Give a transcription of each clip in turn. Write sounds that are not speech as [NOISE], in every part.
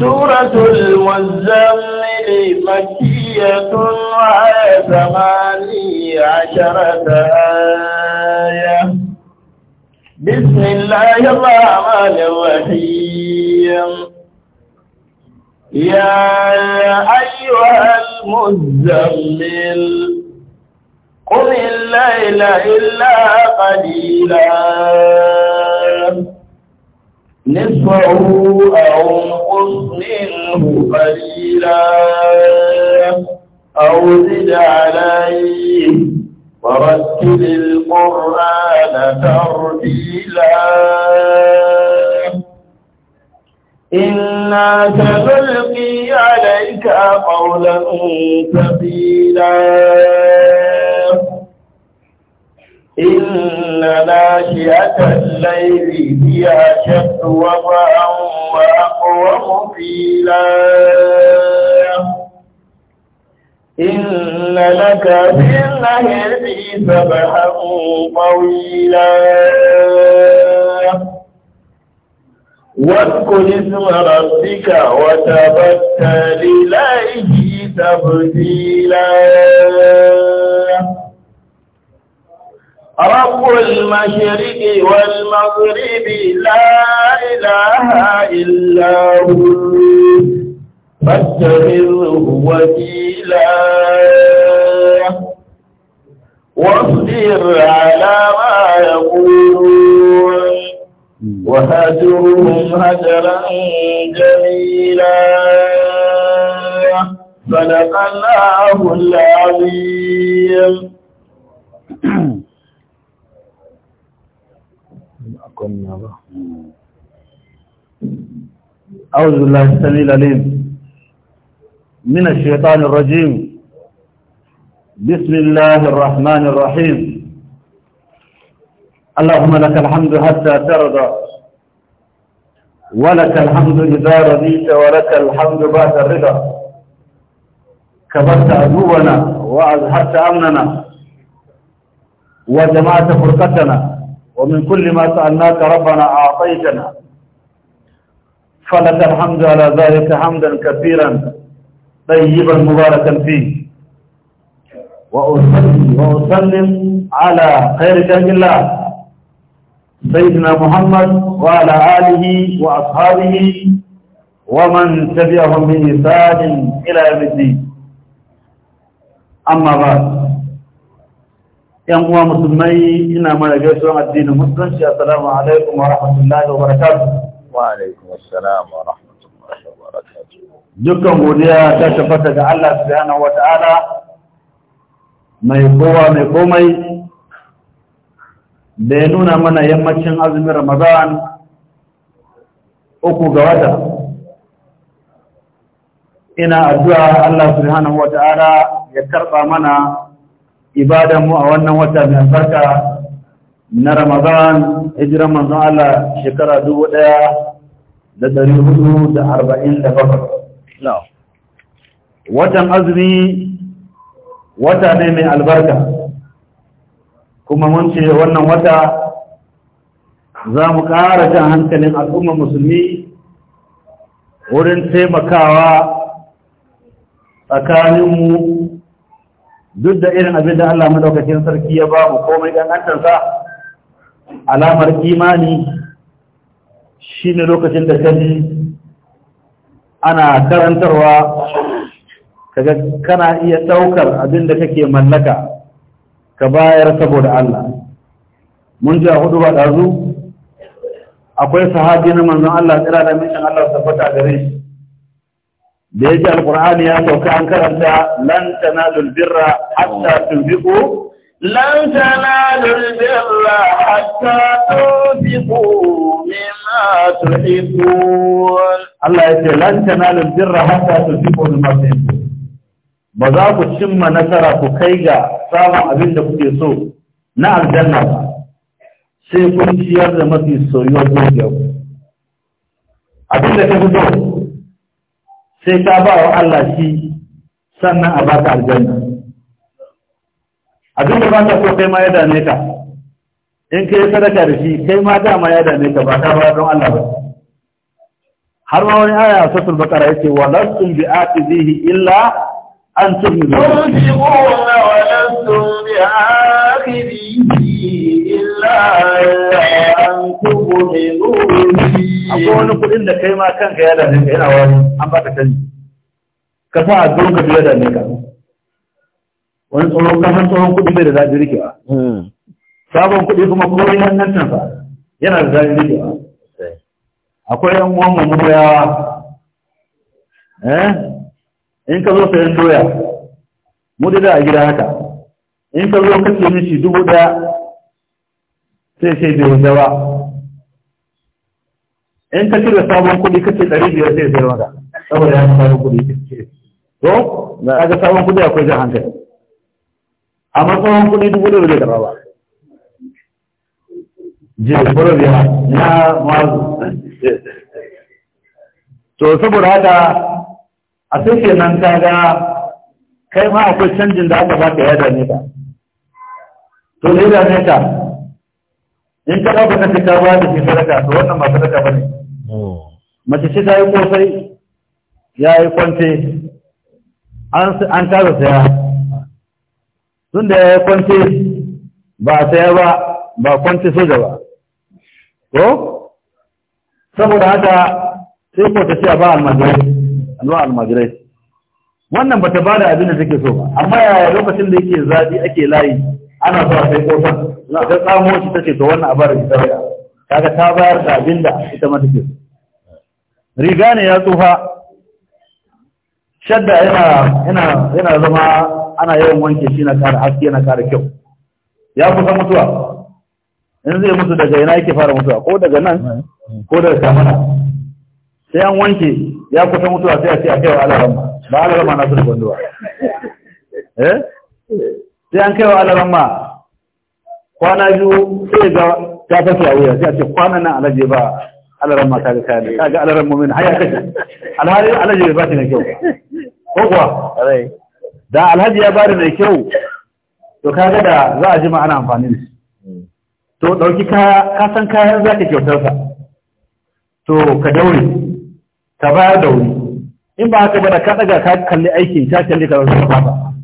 سورة المزمل مكية على ثماني عشرة آية بسم الله الرحمن الرحيم يا أيها المزمل قل الليل إلا قليلا نصفه أو انقص منه قليلا أو زد عليه ورتل القرآن ترتيلا إنا سنلقي عليك قولا ثقيلا إن ناشئة الليل هي أشد وضعا وأقوم قيلا إن لك في النهر سبحا طويلا واذكر اسم ربك وتبتل إليه تبتيلا رب المشرق والمغرب لا إله إلا هو فاتخذه وكيلا واصبر على ما يقولون وهجرهم هجرا جميلا صدق الله العظيم [CLEARS THROAT] kunna أعوذ بالله السميع العليم من الشيطان الرجيم بسم الله الرحمن الرحيم اللهم لك الحمد حتى ترضى ولك الحمد إذا رضيت ولك الحمد بعد الرضا كبرت عدونا وأزهرت أمننا وجمعت فرقتنا ومن كل ما سألناك ربنا أعطيتنا فلك الحمد على ذلك حمدا كثيرا طيبا مباركا فيه وأصلي وأسلم على خير خلق الله سيدنا محمد وعلى آله وأصحابه ومن تبعهم بإحسان إلى يوم الدين أما بعد yan uwa musulmai ina mara gaisuwan addinin musulunci assalamu alaikum wa rahmatullahi wa barakatu wa alaikum assalam wa rahmatullahi wa barakatu dukkan godiya ta tabbata ga Allah subhanahu wa ta'ala mai kowa mai komai da ya nuna mana yammacin azumin ramadan uku ga wata ina addu'a Allah subhanahu wa ta'ala ya karba mana ibadanmu a wannan wata mai albarka na Ramadan hijira manzo Allah shekara dubu ɗaya Watan azumi wata ne mai albarka kuma mun ce wannan wata za mu ƙara jan hankalin al'ummar musulmi wurin taimakawa tsakaninmu duk da irin abin da Allah madaukakin sarki ya ba mu komai gangantarsa alamar imani shine lokacin da kaji ana karantarwa kaga kana iya daukar abin da kake mallaka ka bayar saboda Allah mun ji a hudu ba dazu akwai sahabi na manzon Allah tsira da mishin Allah tabbata gare shi da yake alkur'ani ya sauka an karanta lan tanalul birra hatta tunfiqu lan tanalul birra hatta tunfiqu mimma tuhibbun Allah ya ce lan tanalul birra hatta tunfiqu mimma tuhibbun ba za ku cimma nasara ku kai ga samun abin da kuke so na aljanna ba sai kun ciyar da mafi soyuwar dukiyar abin da ta fito sai ka ba wa Allah shi sannan a baka aljanna abin da baka so kai ma ya dame ka in ka yi sadaka da shi kai ma dama ya dame ka ba ka ba don Allah ba har ma wani aya a sassul bakara yake wa lastum bi atizihi illa an tuhmidu turji'una wa lastum bi atizihi illa an akwai wani kuɗin da kai ma kanka ya dame ka yana wani an baka canji ka sa a zuwan ka fiye da ne ka wani tsoron kasan tsoron kuɗi bai da zaɓi ba. sabon kuɗi kuma komai hannancin sa yana da zaɓi ba. akwai yan uwan mu murayawa eh in ka zo sayan doya mu da a gida haka in ka zo ka ce mishi dubu ɗaya sai sai bai da ba in ka cire sabon kuɗi kace ɗari biyar zai sayar maka saboda ya sabon kuɗi to kaga sabon kuɗi akwai jan hankali amma sabon kuɗi dubu ɗaya zai karɓa ba jiya kwaro biya na mazu to saboda haka a sai ke kenan kaga kai ma akwai canjin da aka baka ya dame ka to ne dame ka in ka ɗauka ka ka ba da shi sadaka to wannan ba sadaka ba ne mace ce ta yi kosai ya yi kwance an tara saya tun da ya yi kwance ba a saya ba ba kwance soja ba ko saboda haka sai ko ta ce ba almajirai alwa almajirai wannan ba ta bada abin da take so ba amma yaya lokacin da yake zaɓi ake layi ana so sai kofar ta tsamo shi ta ce to wannan a bara ita kaga ta bayar da abin da ita ma take so riga ne ya tsufa shadda yana zama ana yawan wanke shi na kara haske yana kara kyau ya kusa mutuwa in zai mutu daga yana yake fara mutuwa ko daga nan ko daga kamana sai an wanke ya kusa mutuwa sai a ce a kaiwa alarama ba alarama na su da gwanduwa eh? sai an kaiwa alarama kwana biyu sai ga ta tafi a wuya sai a ce kwana nan alaje ba alaran mata da kayan kaga alaran mumin haya kaje alhali alhaji ya bani da kyau ko kuwa da alhaji ya bani mai kyau to kaga da za a ji ma ana amfani da shi hmm. to dauki kaya ka san kayan ka kyautar sa to ka daure ka bayar da wuri in ba haka ba da ka daga ka kalli aikin ka kalli ka rasa ba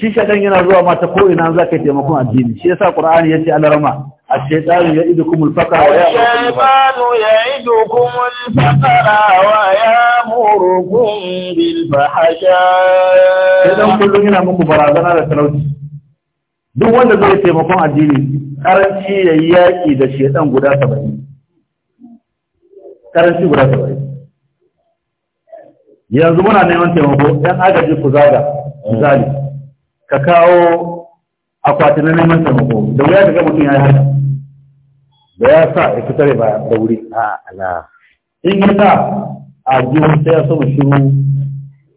shi shaɗan yana zuwa mata ko ina za ka taimakon addini shi yasa qur'ani yace alarama الشيطان يعدكم الفقر الشيطان يعدكم الفقر ويامركم بالفحشاء idan kullum yana muku barazana da talauci duk wanda zai taimakon addini karanci ya yi yaƙi da shaidan guda saba'in karanci guda saba'in yanzu muna neman taimako ɗan agaji ku zaga ka kawo akwati na neman taimako da wuya daga mutum ya yi haka da ya sa ya fitar ba da wuri a ala in ya sa a jiwon ta ya so mu shiru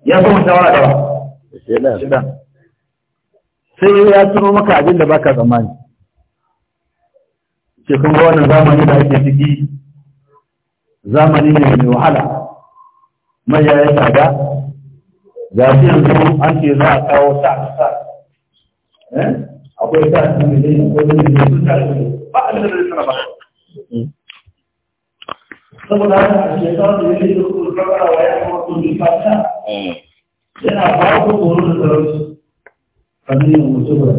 ya so mu shawara da ba shida sai ya tuno maka abin da ka tsammani ce kuma wannan zamani da ake ciki zamani ne mai wahala mai ya yi tsada ga shi yanzu an ce za a kawo sa sa eh? akwai sa su ne dai akwai wani ne su tare da ba a da sana ba saboda haka a shekaru da yake da su rabara wa ya kuma su bi fata yana ba ku tsoro da sarauci kamar yin mutu da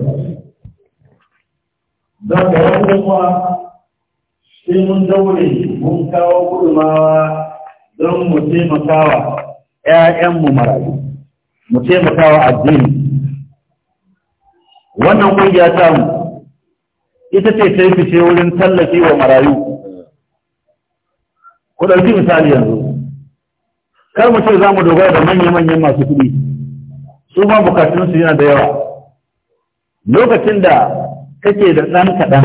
don da wani kuma sai mun daure mun kawo gudunmawa, don mu taimakawa ‘ya'yanmu marayu, mu taimakawa addini, wannan kungiya ta mu ita ce ta yi fice wurin tallafi wa marayu ku ɗauki misali yanzu kar mu ce za mu dogara da manya-manyan masu kuɗi su ma bukatunsu yana da yawa lokacin da kake da ɗan kaɗan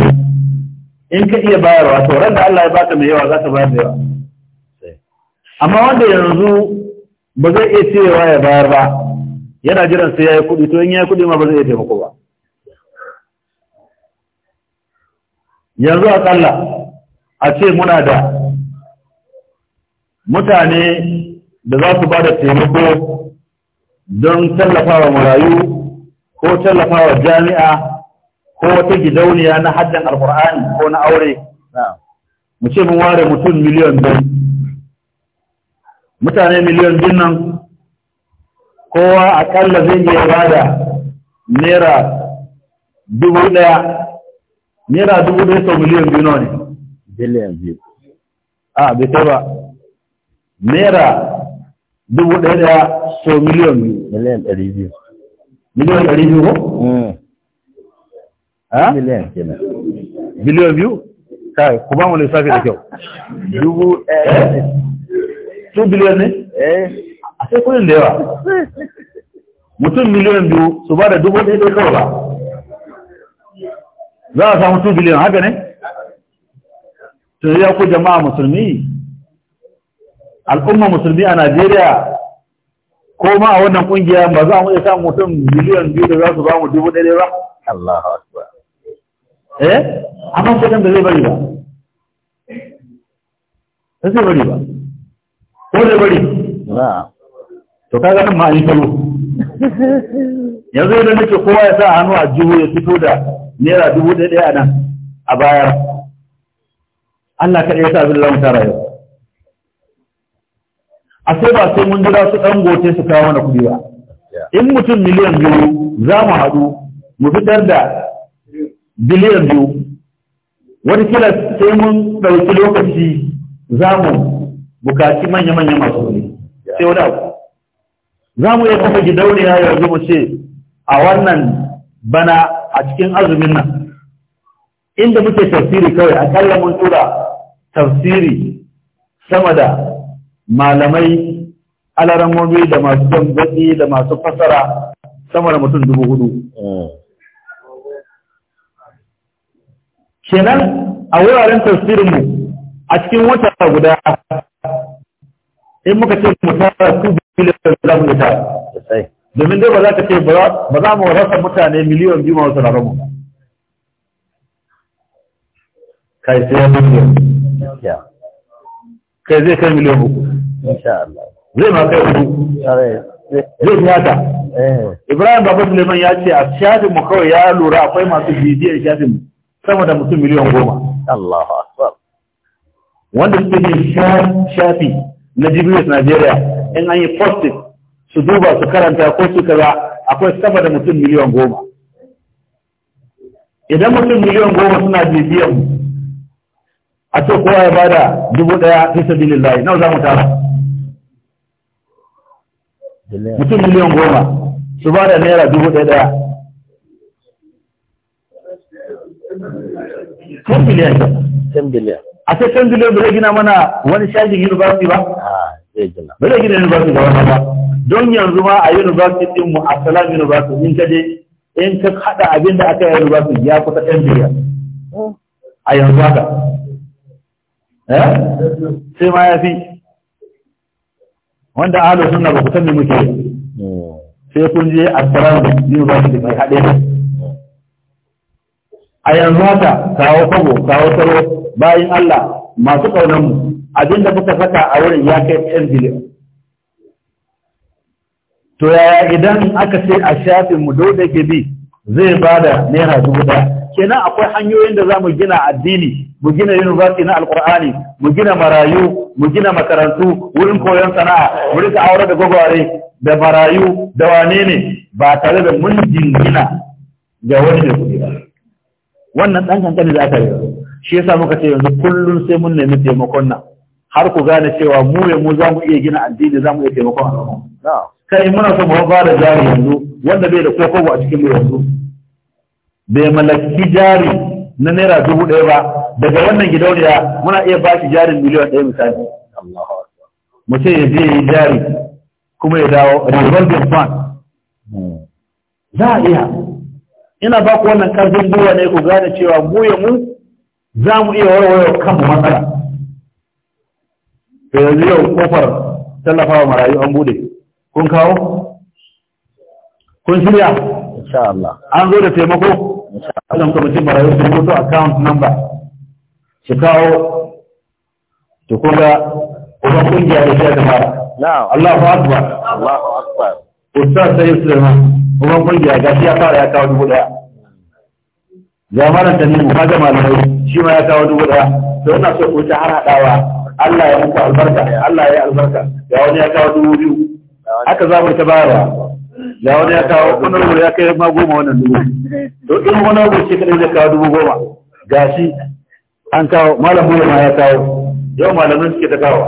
in ka iya bayarwa to ran da Allah ya baka mai yawa za ka bayar da yawa amma wanda yanzu ba zai iya cewa ya bayar ba yana jiran sai ya yi kuɗi to in ya yi kuɗi ma ba zai iya taimako ba yanzu akalla a ce muna da mutane da za su ba da taimako don tallafawa marayu ko tallafawa jami'a ko wata gidauniya na haddan alkur'ani ko na aure mu ce mun ware mutum miliyan biyu mutane miliyan biyu nan kowa akalla zai iya ba naira dubu ɗaya naira dubu ɗaya sau miliyan biyu nawa ne biliyan biyu a ah, bai kai ba naira dubu ɗaya ɗaya sau miliyan biyu miliyan ɗari biyu miliyan ɗari biyu ko? Hmm. Ah? miliyan kenan biliyan biyu kai ku ba mu lissafi da kyau dubu ɗaya su biliyan ne? Eh. a sai kudin da yawa mutum miliyan biyu su ba da dubu ɗaya ɗaya kawai ba za a samu 2 biliyan haka ne? to ya ku jama'a musulmi al'umma musulmi a najeriya ko ma a wannan kungiya ba za mu iya samun mutum biliyan biyu da za su ba mu dubu ɗaya ba? Allah eh amma sai da zai bari ba zai bari ba ko zai bari ba to kaga nan ma an yi [LAUGHS] yanzu yadda nake kowa ya sa hannu a jihu ya fito da naira dubu ɗaya a nan a bayar Allah ka ya sa abin lamun tara yau a sai ba sai mun jira su ɗan gote su kawo mana kuɗi ba in mutum miliyan biyu za mu haɗu mu fitar da biliyan biyu wani kila sai mun ɗauki lokaci za mu bukaci manya-manya masu kuɗi sai wani abu za mu iya kafa gidauniya yanzu mu ce a wannan bana a cikin azumin nan inda muke tafsiri kawai akalla mun tura tafsiri sama da malamai alarammomi da masu jan da masu fasara sama da mutum dubu hudu kenan a wuraren tafsirinmu a cikin wata guda in muka ce mu tara su biliyan za mu domin dai ba za ka ce ba za mu rasa mutane miliyon biyu ma wasu ba kai sai ya miliyon kai zai kai miliyon uku zai ma kai uku zai mata eh. ibrahim babu suleiman ya ce a shafin mu kawai ya lura akwai masu bidiyar shafin sama da mutum miliyan goma wanda suke yin shafi na jibiris nigeria in an yi postage su duba su karanta ko su kaza akwai sama da mutum miliyan goma idan mutum miliyan goma suna bibiyan mu a ce kowa ya bada dubu ɗaya fi sabilillahi nawa za mu tara mutum miliyan goma su bada naira dubu ɗaya ɗaya ten biliyan ten biliyan a ce ten biliyan bai gina mana wani shagin university ba ah. zai gina ba zai gina university da ba don yanzu ma a university din mu a salam university in ka je in ka hada abin da aka yi university ya kusa ɗan biyar a yanzu haka eh? sai ma ya fi wanda ahalar suna ba kusan ne muke sai kun je a salam university mai haɗe a yanzu haka kawo kwabo kawo taro bayan Allah masu ƙaunanmu abin da muka saka a wurin ya kai 10 biliyan to yaya idan aka ce a shafin mu dole ke bi zai bada naira dubu daya kenan akwai hanyoyin da za mu gina addini mu gina university na alkur'ani mu gina marayu mu gina makarantu wurin koyon sana'a mu rika aure da gwagware da marayu da wane ne ba tare da mun jingina ga wani mai kuɗi ba wannan ɗan kankani za ka yi shi yasa muka ce yanzu kullum sai mun nemi taimakon nan har ku gane cewa mu ne mu za mu iya gina addini za mu iya taimakon al'umma kai muna son mu da jari yanzu wanda bai da kokobo a cikin mu yanzu bai mallaki jari na naira dubu ɗaya ba daga wannan gidauniya muna iya ba shi jarin miliyan ɗaya misali mu ce ya je ya yi jari kuma ya dawo revolving fund za a iya ina ba ku wannan ƙarfin gwiwa ne ku gane cewa mu ya mu za mu iya warware kanmu matsala to yanzu yau kofar tallafawa marayu an bude kun kawo kun shirya insha Allah an zo da taimako Allah Allah mutum marayu sun mutu account number shi kawo to kun ga kuma kungiya da shi da mara na'am Allahu akbar ku akbar ustaz sai Sulaiman kuma kungiya ga shi ya fara ya kawo dubu daya jama'a ta ne mu ga malamai shi ma ya kawo dubu daya to ina so ku ta har hadawa Allah ya muku albarka Allah ya albarka ga wani ya kawo dubu biyu aka za mu ta bayarwa ga wani ya kawo wani abu ya kai ma goma wannan dubu to in wani abu ce kadai zai kawo dubu goma gashi an kawo malam bula ma ya kawo yau malamin suke ta kawo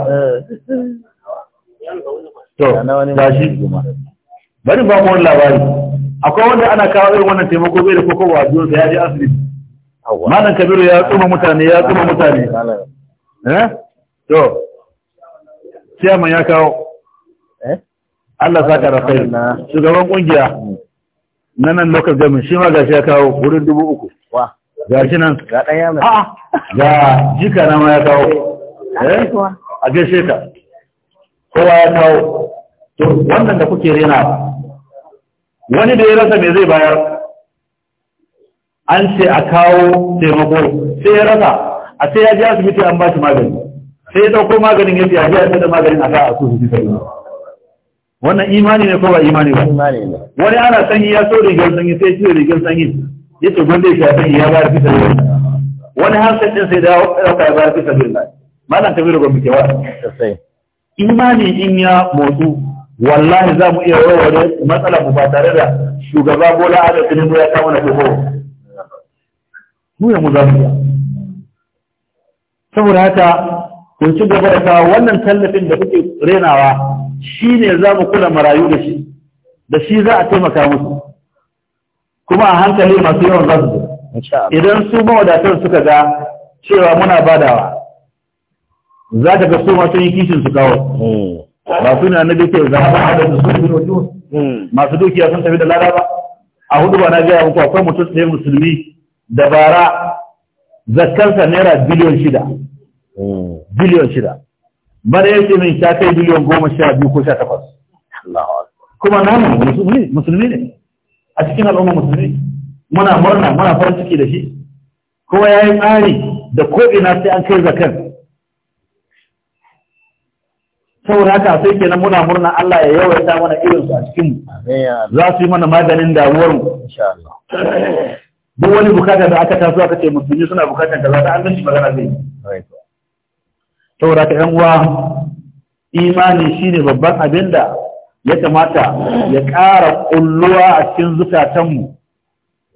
to gashi bari ba mu wani labari akwai wanda ana kawo irin wannan taimako bai da koko ba biyo da ya je asibiti malam kabiru ya tsuma mutane ya tsuma mutane eh to ciyaman ya kawo eh? Allah saka da kai shugaban kungiya na nan local government shi ma gashi ya kawo wurin dubu uku gashi nan ga ɗaya mai ga jika na ma ya kawo Eh, a gaishe ka kowa ya kawo to wannan da kuke rena wani da ya rasa me zai bayar an ce a kawo taimako sai ya rasa a sai ya ji asibiti an ba shi magani sai ya dauko maganin ya biya sai da maganin a a su su sai wannan imani ne ko ba imani ba wani ana sanyi ya so rigar sanyi sai ya rigar sanyi ya ce gwanda ya sanyi ya bayar fi sabi wani hankali sai da ya bayar fi sabi malam kabiru ga muke wa imani in ya motsu wallahi za mu iya warware matsalar mu ba tare da shugaba bola a da tinubu ya kama na koko mu ya mu za mu iya saboda haka Kun ci gaba da kawo wannan tallafin da kuke renawa shi ne za mu kula marayu da shi da shi za a taimaka musu kuma a hankali masu yawan za su idan su mawadatar suka ga cewa muna badawa za ta ga su masu yi kishin su kawo hmm. ba su na nabi ke za a da su yi wajen hmm. masu dukiya sun tafi da lada ba a hudu ba na gaya muku akwai mutum ɗaya musulmi Dabara! bara zakkansa naira biliyon shida biliyon shida bare yake min ta kai biliyon goma sha biyu ko sha takwas kuma na nan musulmi ne a cikin al'umma musulmi muna murna muna farin ciki da shi kuma ya yi tsari da ko'ina sai an kai zakan saboda haka sai kenan muna murna Allah ya yawaita mana irinsu a cikinmu za su yi mana maganin mu, duk wani bukata da aka taso aka ce musulmi suna bukatar da za ta an magana zai saboda ka yan uwa imani shine babban abin da ya kamata ya ƙara ƙulluwa a cikin zukatanmu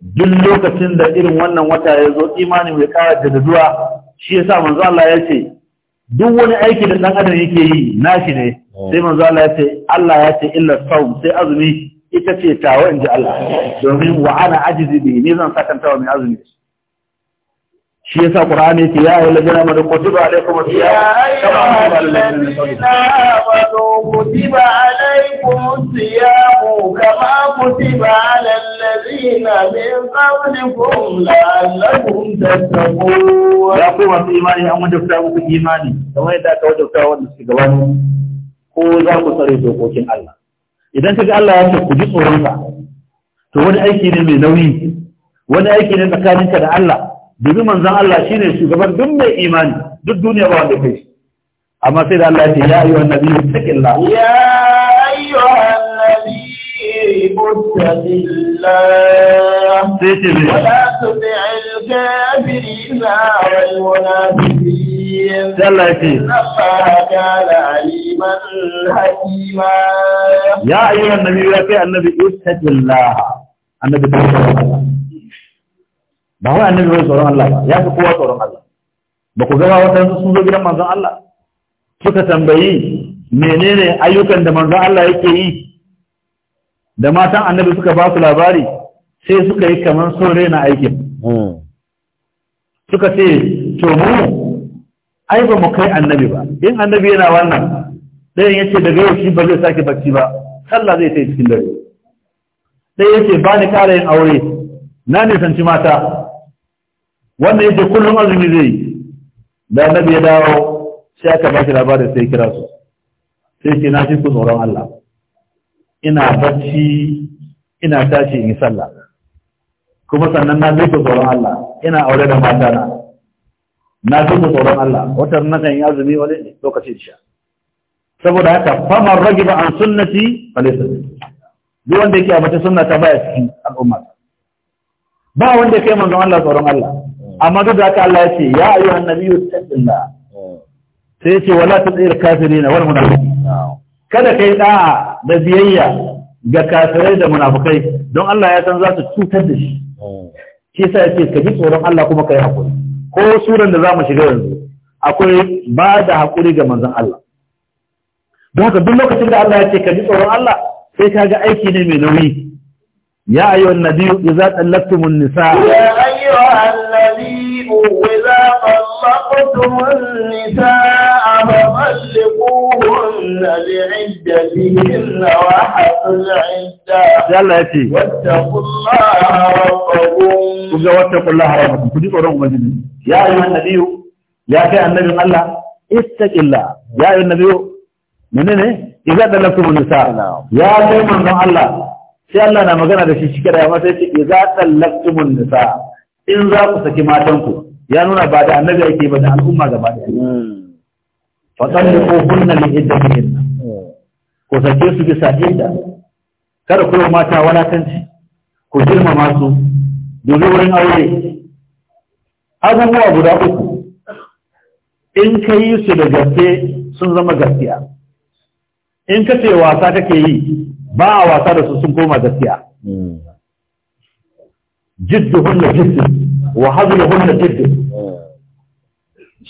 duk lokacin da irin wannan wata ya zo imani mai ƙara jadaduwa shi yasa manzo Allah ya ce duk wani aiki da ɗan adam yake yi nashi ne sai manzo Allah ya ce Allah ya ce illa saum sai azumi ita ce tawa inji Allah domin wa ana ajizi bi ni zan sakanta wa mai azumi shi yasa qur'ani yake ya ayyuhal ladina amanu kutiba alaykum as-siyam kama kutiba alaykum as-siyam kama kutiba ala alladhina min qablikum la'allakum tattaqun ya ku masu imani an wajabta muku imani kamar yadda aka wajabta wanda suke gabanin ko za ku tsare dokokin Allah idan kaga Allah ya ce ku ji tsoron sa to wani aiki ne mai nauyi wani aiki ne tsakaninka da Allah domin manzon Allah shine shugaban duk mai imani duk duniya ba wanda kai amma sai da Allah ya ce ya ayyuhan nabi taqillah ya ayyuhan nabiyyu taqillah sai ce wa la tuti'il kafirin wal munafiqin sai Allah ya ce Allah kana aliman hakima ya ayyuhan nabiyyu ya kai annabi ba wai annabi bai tsoron Allah ba ya fi kowa tsoron Allah ba ku gaba waɗansu sun zo gidan manzon Allah suka tambayi menene ayyukan da manzon Allah yake yi da matan annabi suka ba su labari sai suka yi kamar son raina aikin hmm. suka ce to mu ai ba mu kai annabi ba in annabi yana wannan ɗayan yace daga yau shi ba zai sake bacci ba sallah zai ta cikin dare ɗayan yace ba ni yin aure na nisanci mata wanda yake kullum azumi zai yi da annabi ya dawo sai aka ba shi labarin sai kira su sai ce na fi ku tsoron Allah ina bacci ina tashi in sallah kuma sannan na fi ku tsoron Allah ina aure da mata na na fi ku tsoron Allah wata na kan yi azumi wani lokacin sha saboda haka famar ragiba an sunnati falaysa duk wanda yake a mace sunna ta baya cikin al'ummar. ba wanda ya kai manzon Allah tsoron Allah amma duk da haka Allah ya ce ya ayyuhan annabiyyu taqilla sai ce wala tadir kafirina wal munafiqin kada kai da da biyayya ga kafirai da munafikai don Allah ya san za su cutar da shi shi yasa ya ce ka ji tsoron Allah kuma kai hakuri ko suran da za mu shiga yanzu akwai ba da hakuri ga manzon Allah don haka duk lokacin da Allah ya ce ka ji tsoron Allah sai ka ga aiki ne mai nauyi يا أيها النبي إذا طلقتم النساء يا أيها النبي إذا طلقتم النساء فطلقوهن لعدتهن وحق العدة واتقوا الله ربكم واتقوا الله ربكم كنت يا أيها النبي يا أيها النبي الله اتق الله يا أيها النبي منين إذا طلقتم النساء نعم. يا أيها النبي الله sai Allah na magana da shi cikin rayuwa sai ce idza tallaqtumun nisa in za ku saki matanku, ya nuna ba da annabi yake ba da al'umma gaba daya fa talliquhunna li iddatihin ko sake su bisa idda kada ku mata walakanci ku girmama su domin wurin aure abubuwa guda uku in ka yi su da gaske sun zama gaskiya in ka ce wasa kake yi ba a wasa da su sun koma gaskiya Jiddu jidduhunna jiddu wa hazluhunna jiddu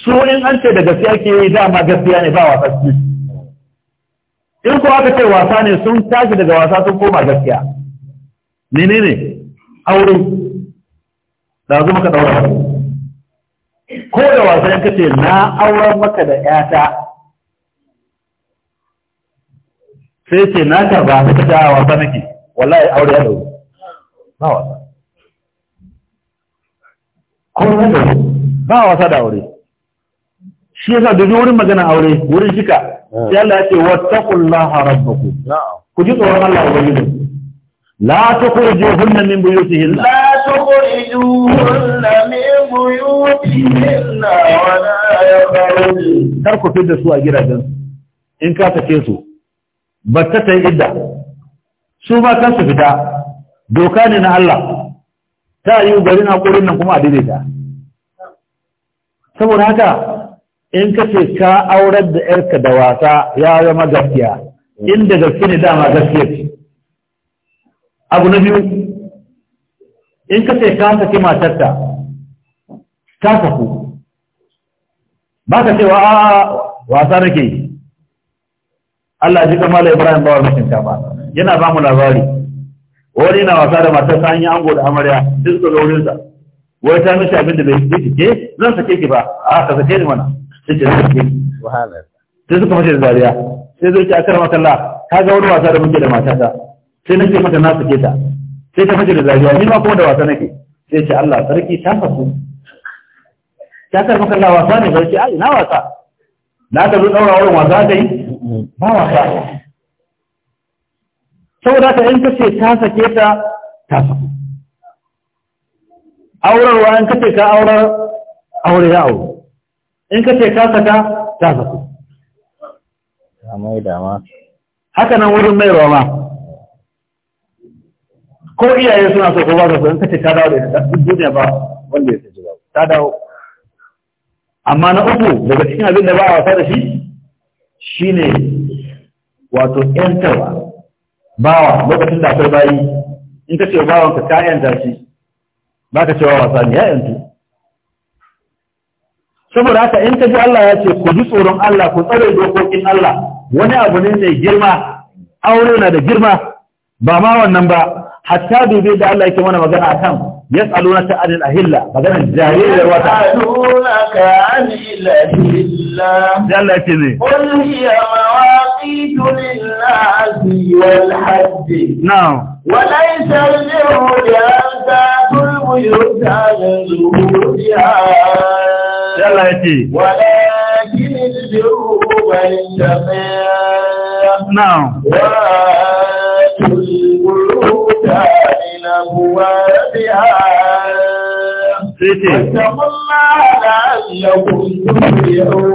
su in an ce da gaskiya ke yi dama gaskiya ne ba wasa su in ko aka ce wasa ne sun tashi daga wasa sun koma gaskiya ne? aure da zuma maka daura ko da wasa yanka ce na auren maka da 'yata sai ce na ka ba su ta wasa nake wallahi aure ya dauki ba wasa ko ne da ba wasa da aure shi yasa duk wurin magana aure wurin shika sai Allah ya ce wattaqullaha rabbakum ku ku ji tsoron Allah ku ji la tukhriju hunna min buyutihin la tukhriju hunna min buyutihin wa la yakhruju kar ku fitar da su a gidajen in ka tace su ba ta ta idda su ba kan su fita doka ne na Allah ta yi garin haƙurin nan kuma a daidaita saboda haka in ka ce ka aurar da ‘yarka da wasa ya zama gaskiya inda gaske ne dama gaskiya abu na biyu in ka ce ka saki matarta ta saku ba ka cewa a wasa nake yi Allah ji kamar Ibrahim bawa ta kafa yana ba mu labari wani na wasa da matar an yi ango da amarya sai suka zo sa. wai ta mishi abin da bai kike eh, zan sake ki ba a ka sake ni mana sai ce sake ki sai suka mace da dariya sai zo ki akar makalla ka ga wani wasa da muke da ta sai nake mata na sake ta sai ta mace da dariya ni ma kuma da wasa nake sai ce Allah sarki ta fasu ta kar makalla wasa ne sarki ai ina wasa na ka zo daura wurin wasa ta ba wa ba saboda ka in kace ta sake ta ta saku aurarwa in kace ka aurar aure ya aure in kace ka saka ta saku mai dama haka nan wurin mai ma. ko iyaye suna so ko ba su in kace ka dawo da ita duniya ba wanda ya ji ba ta dawo amma na uku daga cikin abin da ba a wasa da shi shine wato yantarwa bawa lokacin da akwai bayi in ka ce bawan ka kayan shi ba ka cewa wasa ne ya yantu saboda haka in ka ji Allah ya ce ku ji tsoron Allah ku tsare dokokin Allah wani abu ne mai girma aure na da girma ba ma wannan ba hatta dubi da Allah yake mana magana akan yas'aluna ta anil ahilla maganar jaririyar wata yas'aluna ka anil ahilla الله يلا قل هي مواقيت للناس والحج نعم وليس البر بأن تأتوا البيوت على ظهورها يلا كده ولكن البر من تقي نعم وآت البيوت من أبوابها واتقوا la'allakum tuflihun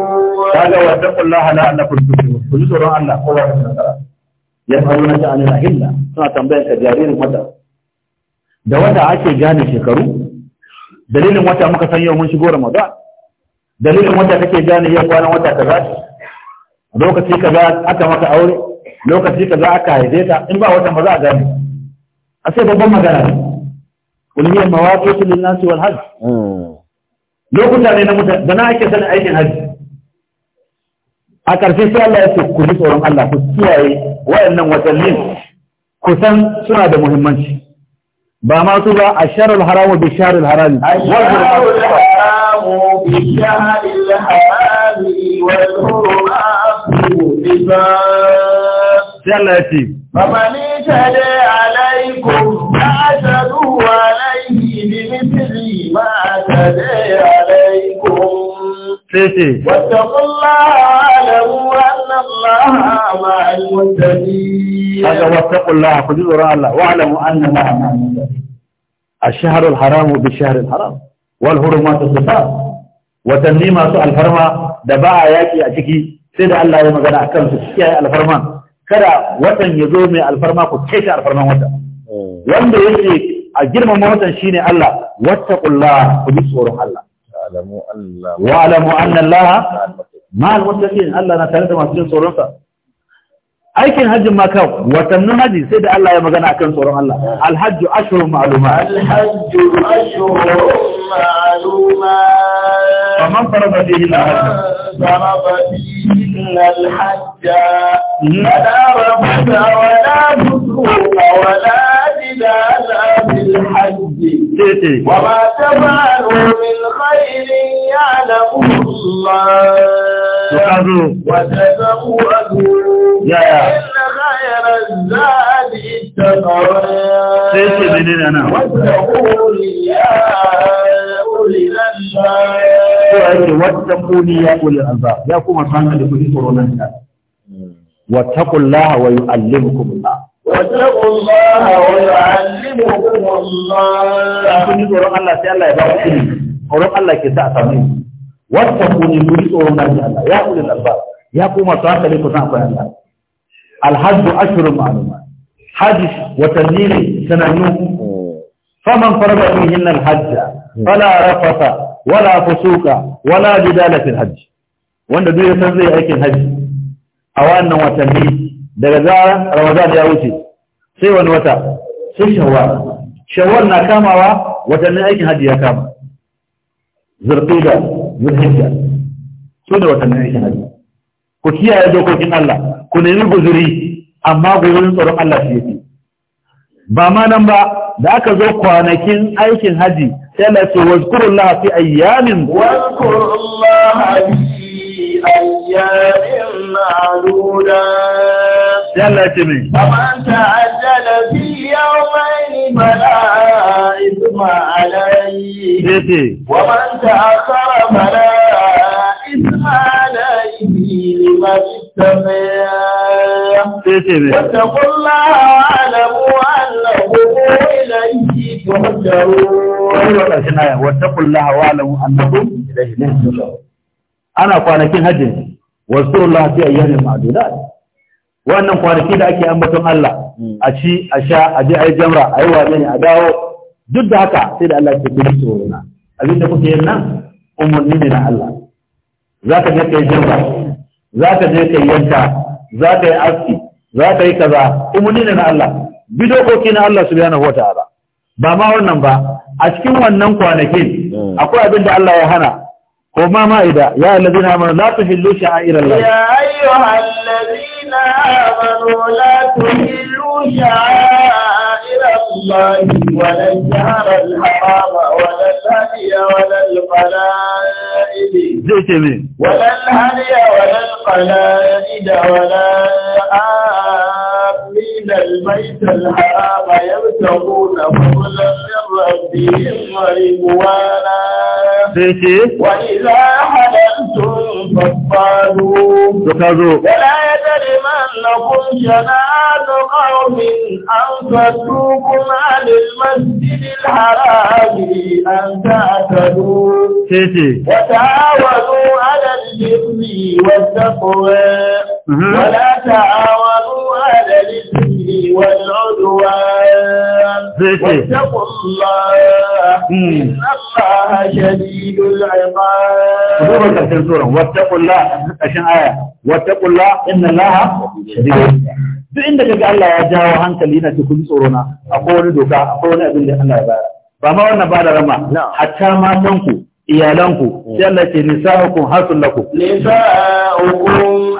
kaga wa taqullaha la'allakum tuflihun ku ji tsoron Allah ko da nasara ya faru na ta anil ahilla suna tambayar ka jaririn wata da wata ake gane shekaru dalilin wata muka san yau mun shigo ramadan dalilin wata kake gane yau kwanan wata kaza lokaci kaza aka maka aure lokaci kaza aka haife ta in ba wata ba za a gane a sai babban magana ne ulmiyar mawaƙi lin nasi wal hajj hmm. lokuta ne na mutane da na ake sanin aikin haji a ƙarshe sai Allah ya ce ku ji tsoron Allah ku kiyaye wayannan watannin kusan suna da muhimmanci ba ma su ba a sharar haramu bi sharar harami sai Allah ya ce Wata ƙulla a kuji tsoron Allah, wa alamu an haramu bi shaharar haram, wal hurin sa, watanni masu alfarma da ba a yaƙi a ciki sai da Allah ya yi magana a kansu su kiyaye alfarma. Kada watan ya zo mai alfarma ku kai alfarman wata. Oh. Wanda yake a girmama watan shine Allah wattaqullah ku ji tsoron Allah wa alamu anna Allah ma al-muttaqin Allah na tare da masu jin tsoron sa aikin hajjin ma kan watannin haji sai da Allah ya magana akan tsoron Allah alhajj ashhurun ma'lumat alhajj ashhurun ma'lumat faman farada bihi al-hajj farada bihi al-hajj fala rabbuka وما تفعلوا من خير يعلمه الله وتزودوا إن خير الزاد التقوى واتقوا يا أولي الألباب يا كما كان لكم واتقوا الله ويعلمكم الله واتقوا الله ويعلمكم الله kun yi tsoron Allah sai Allah ya ba ku ilimi tsoron Allah ke sa a samu wata ku ne kuri tsoron Allah ya kuri lalba ya kuma su haka ne ku san akwai Allah alhajju ashrun ma'luma hajji watanni ne sanannu faman farba fihin alhajja fala rafasa wala fusuka wala jidala fil hajj wanda duk ya san zai aikin hajji a wannan watanni daga zaran ramadan ya wuce sai wani wata sai shawwal shawwal na kamawa watannin aikin hajji ya kama da zulhijja su ne watannin aikin hajji ku kiyaye dokokin Allah ku nemi guzuri amma guzurin tsoron Allah shi yake ba ma nan ba da aka zo kwanakin aikin hajji sai Allah ce Allah fi ayyamin Allah fi ayyamin ma'dudat yallace mai. Amanta ajala fi yau mai fara isma alayi. Tete. Wamanta asara fara isma alayi lima fita mai. Tete alamu alamu ilayi tuhajaru. Wani wata alamu alamu ilayi tuhajaru. Ana kwanakin hajji. Wasu Allah fi ayyarin ma'adunan. wannan kwanaki da ake ambaton Allah hmm. a ci a sha a je a yi jamra a yi wane ne a dawo duk da haka sai da Allah ke kuma tsoro na abin da kuke yin nan umarni ne na Allah za ka je ka yi jamra za ka je ka yi yanka za ka yi aski za ka yi kaza umarni ne na Allah bidokoki na Allah subhanahu wataala ba ma wannan ba a cikin wannan kwanakin hmm. akwai abin da Allah ya hana ko ma ma'ida ya allazina amanu la tuhillu Allah ya ayyuhal ladina الذين آمنوا لا تهلوا شعائر الله ولا الشهر الحرام ولا الهدي ولا القلائد ولا الهدي ولا القلائد ولا آه البيت الحرام يبتغون فضلا من ربهم ورضوانا وإذا حللتم فاصطادوا ولا يجرمنكم شنآن قوم أن صدوكم عن المسجد الحرام أن تعتدوا وتعاونوا على البر والتقوى ولا تعاونوا على الإثم والعدوان واتقوا الله إن الله duk inda kaga Allah ya jawo hankali na cikin tsorona akwai wani doka akwai wani abin da Allah ya bayar ba ma wannan ba da rama hatta matan ku iyalan ku sai Allah Nisa nisa'ukum hasul lakum nisa'ukum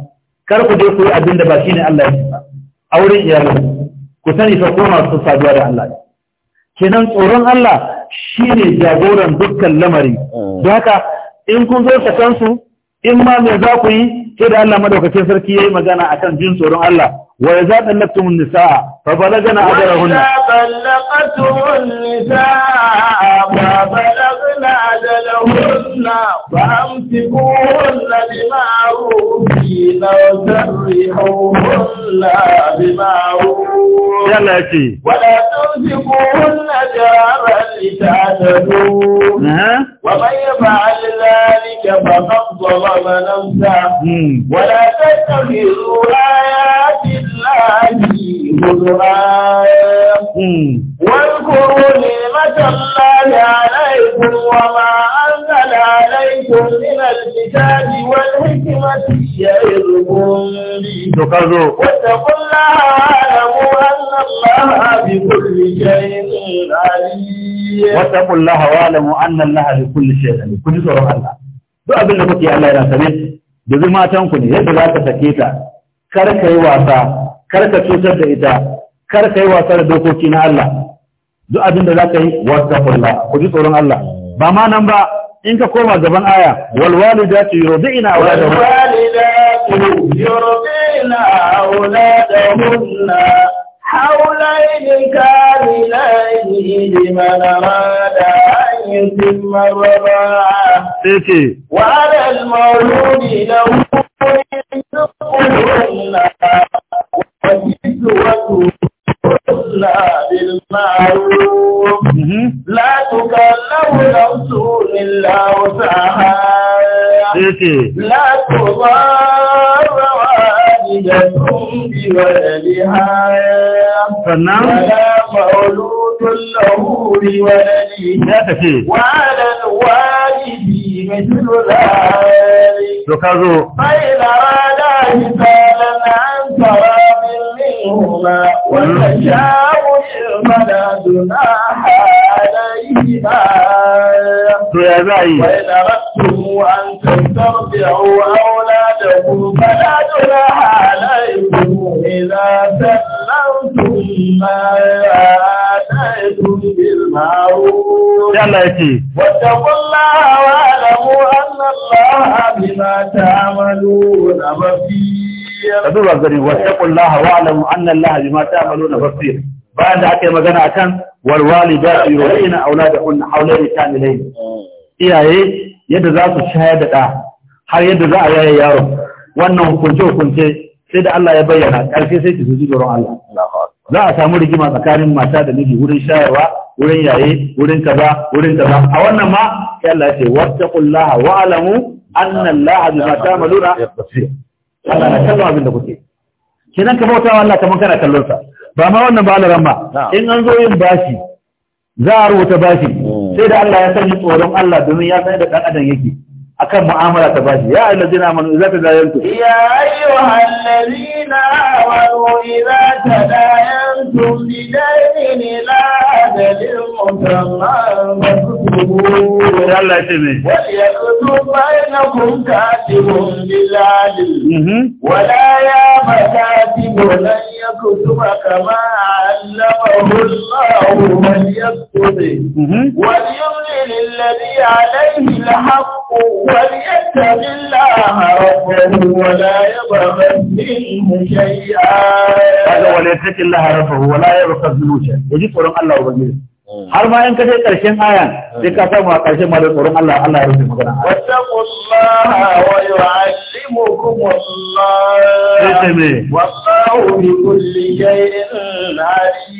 kar ku je ku yi abin da ba shi ne Allah ya ce auren iyalin ku sani fa ko masu saduwa da Allah kenan tsoron Allah shi ne jagoran dukkan lamari mm. Da haka in kun zo sakansu in ma me za ku yi sai da Allah madaukakin sarki yayi magana akan jin tsoron Allah wa ya zaɗa laftun nisa'a fa balagana ajarahunna فأمسكوهن بمعروف لو سرحوهن بمعروف ولا تمسكوهن جارا لتعتدوا أه؟ ومن يفعل ذلك فقد ظلم نفسه ولا تتخذوا آيات الله هدوءا واذكروا نعمة الله عليكم وما أنتم أنزل عليكم من الكتاب والحكمة يعظكم به واتقوا الله واعلموا أن الله بكل شيء عليم واتقوا الله واعلموا أن الله بكل شيء عليم كل سورة الله duk abin da kuke Allah yana sane da zumatan ku ne yadda za ka sake ta kar ka yi wasa kar ka cutar da ita kar ka yi wasa da dokoki na Allah duk abin da za ka yi wasa kulla ku ji tsoron Allah ba ma nan ba in ka koma gaban aya walwalidatu yurdi'na walwalidatu yurdi'na auladahunna hawlayn kamilayn liman arada an yutimma rabaa sai wa 'ala mawludi wa bil ma'ruf أوسعها إيه. لا تضار والدة بولدها ولا مولود له بولده وعلى الوالد مثل ذلك فإن أراد حسابا عن تراب منهما وتشاور فلا جناح عليهما أردت يا معي وإن أردتم أن تسترضعوا أولادكم فلا جناح عليكم إذا سلمتم ما آتيتم بالمعروف يا سيدي واتقوا الله واعلموا أن الله بما تعملون بصير أدوا غريب واتقوا الله واعلموا أن الله بما تعملون بصير bayan da aka yi magana akan walwalida yurina auladahun hawlaini kamilain iyaye yadda za su shayar da ɗa har yadda za a yaye yaron wannan hukunce hukunce sai da Allah ya bayyana ƙarfi sai ki zuji doron Allah za a samu rigima tsakanin mata da miji wurin shayarwa wurin yaye wurin kaza wurin kaza a wannan ma sai Allah ya ce wattaqullaha wa alamu anna Allah bima ta'maluna Allah na kallon abin da kuke kenan ka bautawa Allah kaman kana kallon sa ba ma wannan ba alaran ba in an zo yin bashi za a rubuta bashi hmm. sai da Allah ya sanya tsoron Allah domin ya san da dan adam yake akan mu'amala ta bashi ya allazina amanu idza tadayantu ya ayyuhal ladina amanu idza tadayantum bidaynin ila ajalin musamma faktubuhu Allah ya ce me wal yaktub bainakum katibun bil adl mhm. wala ya fakatibun يكتب كما علمه الله فليكتب وليملل الذي عليه الحق وليتق الله ربه ولا يبخس منه شيئا هذا وليتق الله ربه ولا يبخس منه شيئا يجي تقولون الله وبنجيه har ma in ka je ƙarshen ayan sai ka samu a ƙarshen ma da tsoron Allah Allah ya rufe magana sallallahu wa yu'allimukumullah sai me wallahu bi kulli shay'in alim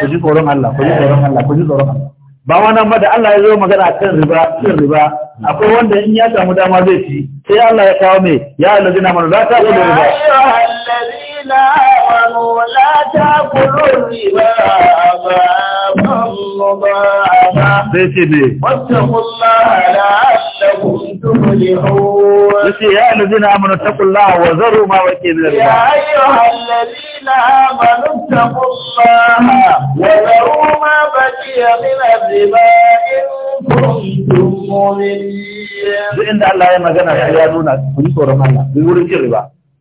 ku ji tsoron Allah ku ji tsoron Allah ku ji tsoron Allah ba wannan ba da Allah ya zo magana kan riba kan riba akwai wanda in ya samu dama zai ci sai Allah ya kawo mai ya allazina man la ta'kulu riba ya allazina آمنوا لا تأكلوا الربا أضعافا مضاعفة واتقوا الله لعلكم تفلحون يا الذين آمنوا اتقوا الله وذروا ما بقي من الربا يا أيها الذين آمنوا اتقوا الله وذروا ما بقي من الربا إن كنتم مؤمنين duk inda Allah ya magana ya nuna ku yi tsoron Allah wurin jin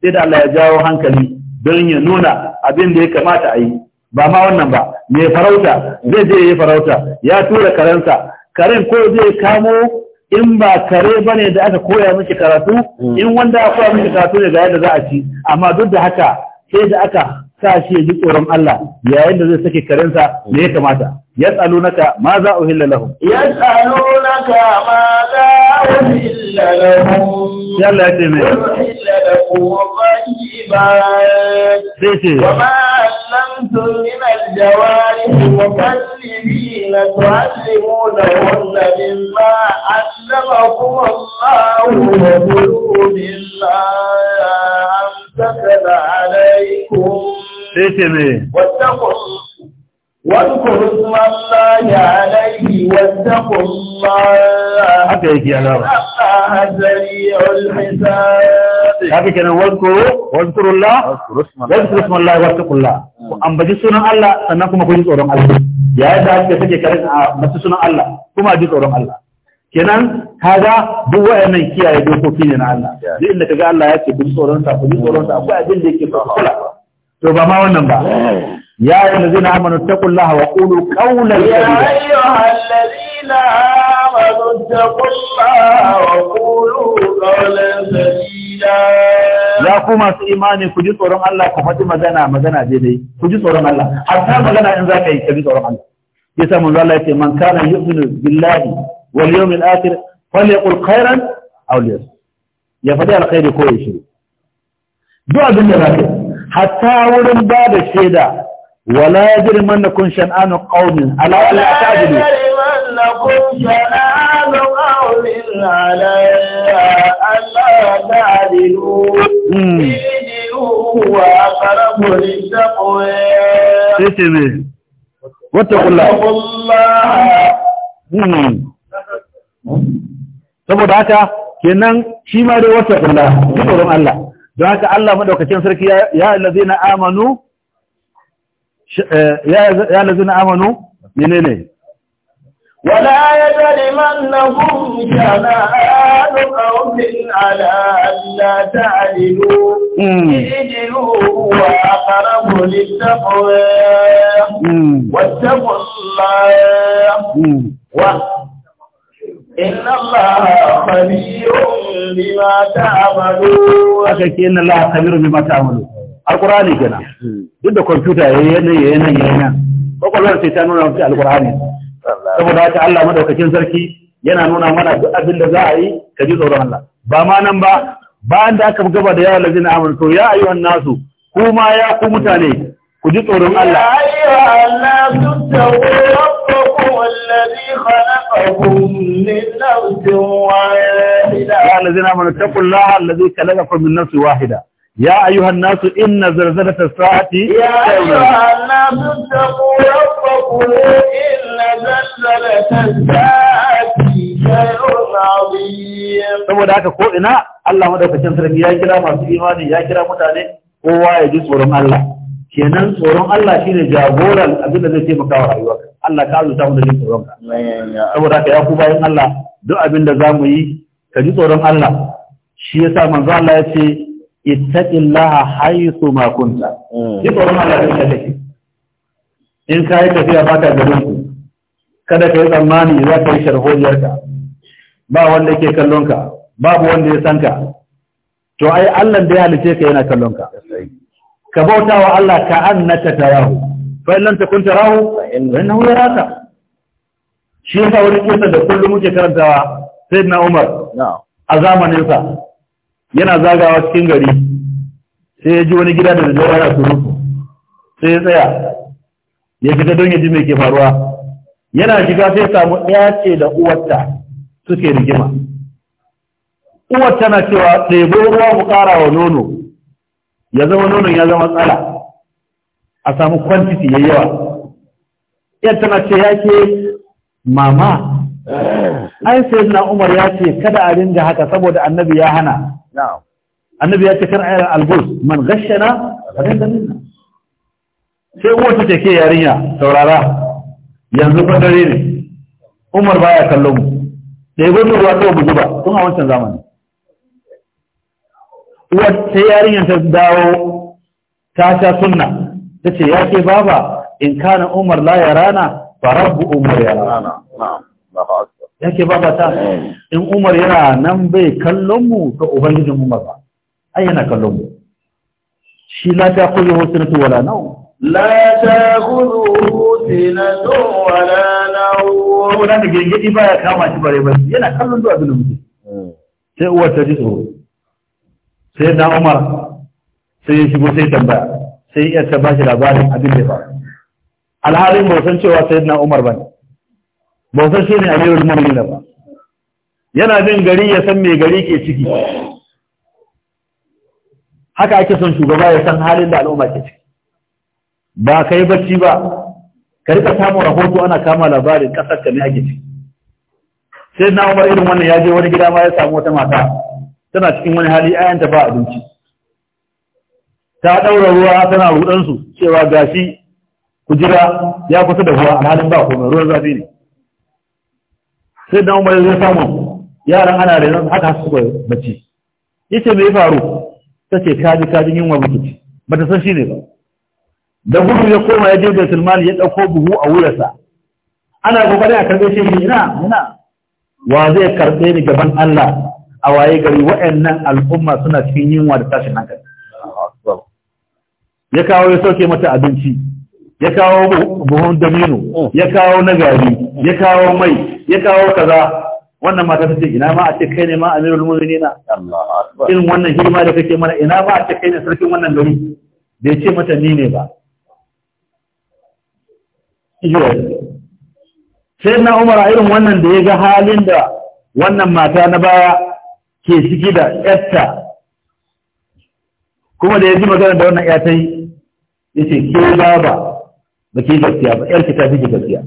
sai da Allah ya jawo hankali don ya nuna abin da ya kamata a yi ba ma wannan ba mai farauta zai je ya farauta ya tura karensa karen ko zai kamo in ba kare ba ne da aka koya miki karatu hmm. in wanda aka koya miki karatu ne ga yadda za a ci amma duk da haka sai da aka sa shi ya ji tsoron Allah yayin da zai sake karensa me ya kamata naka ma za a uhilla lahum naka ma za uhilla lahum ya ce me وطيبات وما علمتم من الجوارح مكلبين تعلمونهن مما علمكم الله وكلوا مما أمسكن عليكم واتقوا واذكروا اسم الله عليه واتقوا الله haka yake yana ba haka kenan wazkuru wazkurullah wazkuru ismallah wattaqullah ku ambaci sunan Allah sannan kuma ku ji tsoron Allah yayin da haka take karin a masu sunan Allah kuma ji tsoron Allah kenan kaga duk wayannan kiyaye dokoki ne na Allah duk inda kaga Allah ya ce ku tsoron sa ku tsoron sa akwai abin da yake so kula to ba ma wannan ba يا ايها الذين امنوا اتقوا الله وقولوا قولا سديدا يا ايها الذين امنوا اتقوا الله وقولوا قولا سديدا لا كما ايماني كجي تورن الله كفاتي مغانا مغانا ديدي كجي تورن الله حتى مغانا ان زكاي كجي تورن الله يسمى من الله يتي من كان يؤمن بالله واليوم الاخر فليقل خيرا او ليس يا فدي الخير كويس دعاء دنيا حتى ورن باب الشيده ولا يجرمنكم شنآن قوم على ألا تعدلوا ديني هو أقرب للتقوى الله saboda haka kenan shi ma dai wata kula tsoron Allah don haka Allah madaukakin sarki ya ya allazina amanu آه، يا الذين امنوا منين ولا يجرمنهم جمال قوم على الا تعدلوا اجلوا واقربوا للتقوى واتقوا الله إن الله خبير بما تعملون. إن الله خبير بما تعملون. alkur'ani kenan duk da kwamfuta ya yi nan ya yi nan ya kwakwalwar sai ta nuna mafi alkur'ani saboda haka Allah madaukakin sarki yana nuna mana duk abin da za a yi ka ji tsoron Allah ba ma nan ba bayan da aka gaba da yawan lazina amur to ya wani nasu kuma ya ku mutane ku ji tsoron Allah ya ayyuhan nasu tawaffakum alladhi khalaqakum min nafsin wahida ya lazina amur taqullaha alladhi wahida يا أيها الناس إن زلزلة الساعة يا أيها الناس اتقوا ربكم إن زلزلة الساعة saboda haka ko ina Allah madaukakin sarki ya kira masu imani ya kira mutane kowa ya ji tsoron Allah kenan tsoron Allah shine jagoran abin da zai taimaka wa rayuwa. Allah ka azuta mu da jin tsoron ka saboda haka ya ku bayan Allah duk abin da zamu yi ka ji tsoron Allah shi yasa manzo Allah ya ce ittaqillaha haythu ma kunta mm. Allah in ka garin ku kada ka yi tsammani za ka yi ka ba wanda ke kallon ka babu wanda ya san ka to ai Allah da ya halice ka yana kallon ka ka bauta wa Allah ka annaka tarahu fa in lam takun tarahu fa innahu yaraka shi yasa wani kisa da kullum muke karantawa sayyidina Umar a zamanin sa yana zagawa cikin gari sai ya ji wani gida da zai su surutu sai ya tsaya ya fita don ya ji mai ke faruwa yana shiga sai samu ɗaya ce da uwarta suke rigima Uwarta na cewa ɗebo ruwa mu ƙara wa nono ya zama nonon ya zama tsala a samu kwantiti ya yawa yadda tana ce ya ke mama ai sayyidina Umar ya ce kada a ringa haka saboda annabi ya hana annabi ya ce kar a yi albus man gashana ringa minna sai uwar ta ke yarinya saurara yanzu fa dare ne Umar baya kallon mu da ya gwamnati ruwa kawai bugu ba tun a wancan zamani uwar sai yarinyar ta dawo ta sha sunna ta ce ya ce baba in kana Umar la yarana fa rabbu Umar yarana yake babata in umar yana nan bai kallon mu ga ubangijin umar ba ai yana kallon mu shi la ta kullu husnatu wala nau la ta kullu husnatu wala nau ko da gengedi baya kama shi bare ba? yana kallon zuwa bin mutum muke sai uwar ta ji tsoro sai dan umar sai shi shigo sai tambaya sai ya ta shi labarin abin da ba alhalin ba san cewa sayyidina umar bane bautar shi ne amirul mu'minin ba yana bin gari ya san me gari ke ciki haka ake son shugaba ya san halin da al'umma ke ciki ba kai bacci ba ka rika samun rahoto ana kama labarin kasar ka ne a gici sai na umar irin wannan ya je wani gida ma ya samu wata mata tana cikin wani hali ayanta ba abinci ta ɗaura ruwa tana rudansu cewa gashi ku ya kusa da ruwa alhalin ba komai ruwan zafi ne sai da umar ya samu yaran ana da yanzu haka su kwa mace yace me ya faru ta ce kaji kaji yunwa muke bata san shi ne ba da gudu ya koma ya je da mali ya dauko buhu a wuyarsa ana kokari a karbe shi ina ina wa zai karbe ni gaban Allah a waye gari wa'annan al'umma suna cikin yunwa da tashin hankali ya kawo ya sauke mata abinci ya kawo buhun damino oh. ya kawo nagari ya kawo mai ya kawo kaza wannan mata ta ce ina ma a ce kai ne ma amirul mu'minina irin wannan hidima da kake mana ina ma a ce kai ne sarkin wannan gari bai ce mata ni ne ba sai na umar a irin wannan da ya ga halin da wannan mata na baya ke ciki da yatta kuma da ya ji magana da wannan ya ta yi ya ce ke baba baki gaskiya ba yarki ta fi gaskiya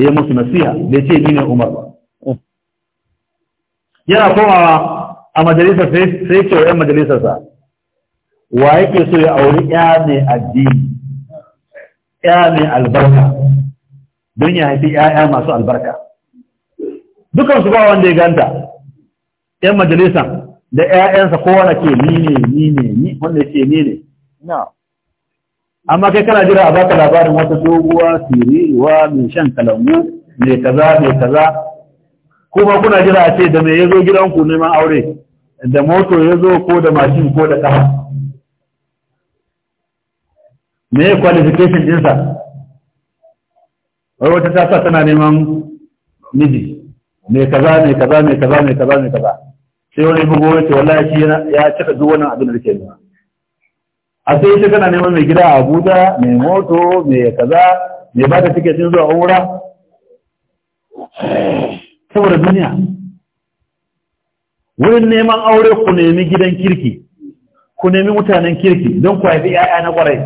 ya musu nasiha bai ce ni ne umar ba yana komawa a majalisar sai ce wa majalisar sa wa yake so ya auri ya ne addini ya ne albarka don ya haifi 'ya'ya masu albarka su ba wanda ya ganta 'yan majalisa da 'ya'yansa kowane ke ni ne ni ne ni wanda ke ni ne amma kai kana jira a baka labarin wata doguwa siriwa mai shan kalamu, mai kaza mai kaza kuma kuna jira a ce da mai yazo gidanku neman aure da moto yazo ko da mashin ko da kafa me qualification dinsa wai wata ta sa tana neman miji mai kaza mai kaza mai kaza mai kaza mai kaza sai wani bugo ya ce wallahi ya cika duk wannan abin da yake nema a sai tana kana neman mai gida a abuja mai moto mai kaza mai ba da tiketin zuwa umra saboda duniya wurin neman aure ku nemi gidan kirki ku nemi mutanen kirki don ku haifi 'ya'ya na kwarai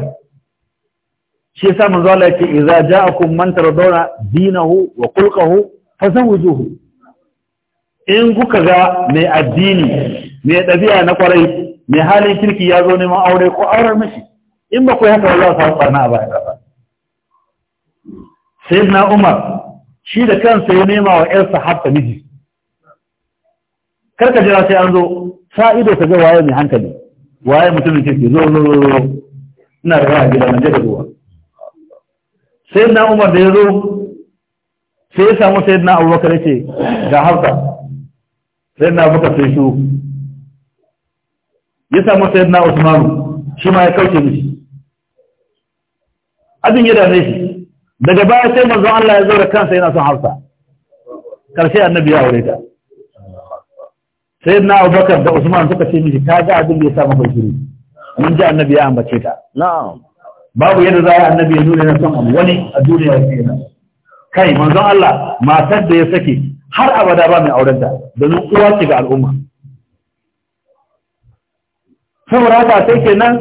shi yasa manzo Allah yake idza ja'akum man tardawna dinahu wa khulquhu fazawwijuhu in kuka ga mai addini mai ɗabi'a na kwarai mai halin kirki ya zo neman aure ko auren mashi in ba ku haka wallah samu barna a bayan ba sai na umar shi da kansa ya nema wa yarsa hatta miji karka jira sai an zo sa ido ka ga waye mai hankali waye mutumin kirki zo zo zo ina da gaba gida na je zuwa sai na umar da ya zo sai ya samu sai na abubakar ya ce ga hafta sai na abubakar sai su ya samu na Usman shi ma ya kauce mishi abin ya ne shi daga baya sai manzon Allah ya da kansa yana son Hausa. karshe annabi ya aure ta na Abubakar da Usman suka ce mishi ka ga abin da ya samu bashiri mun ji annabi ya ambace ta na'am babu yadda za a annabi ya nuna na son wani a duniya ya kenan kai manzon Allah matar da ya sake har abada ba mai aurenta domin uwa ce ga al'umma saboda haka sai ke nan,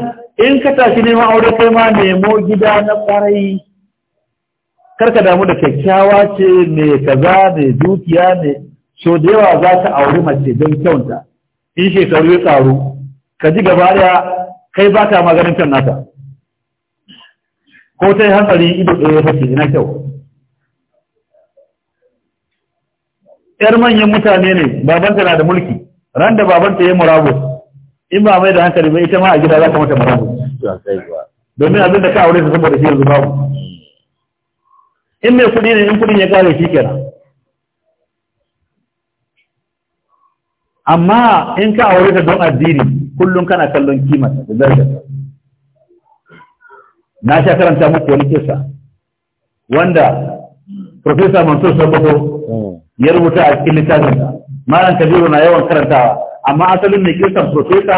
in ka tashi neman aure kai ma nemo gida na kwarai karka damu da kyakkyawa ce mai kaza mai dukiya ne so da yawa za ta auri mace don kyauta in shekaru ya tsaro, ka ji gaba daya kai ba ka maganin kan nata ko ta yi hankali ido ɗaya ya fashe na kyau ‘yar manyan mutane ne babanta na da mulki ran da babanta ya murabus in ba mai da hankali mai ita ma a gida za ka mata mara. domin abin da ka aure ta saboda shi yanzu babu in mai kuɗi ne in kuɗin ya kare shi kenan amma in ka aure ta don addini kullum kana kallon kimanta da zarga na sha karanta muku wani kisa wanda Profesa Mansur Sabato ya rubuta a cikin littafin malam Kabiru na yawan karantawa amma asalin mai kiristan profesa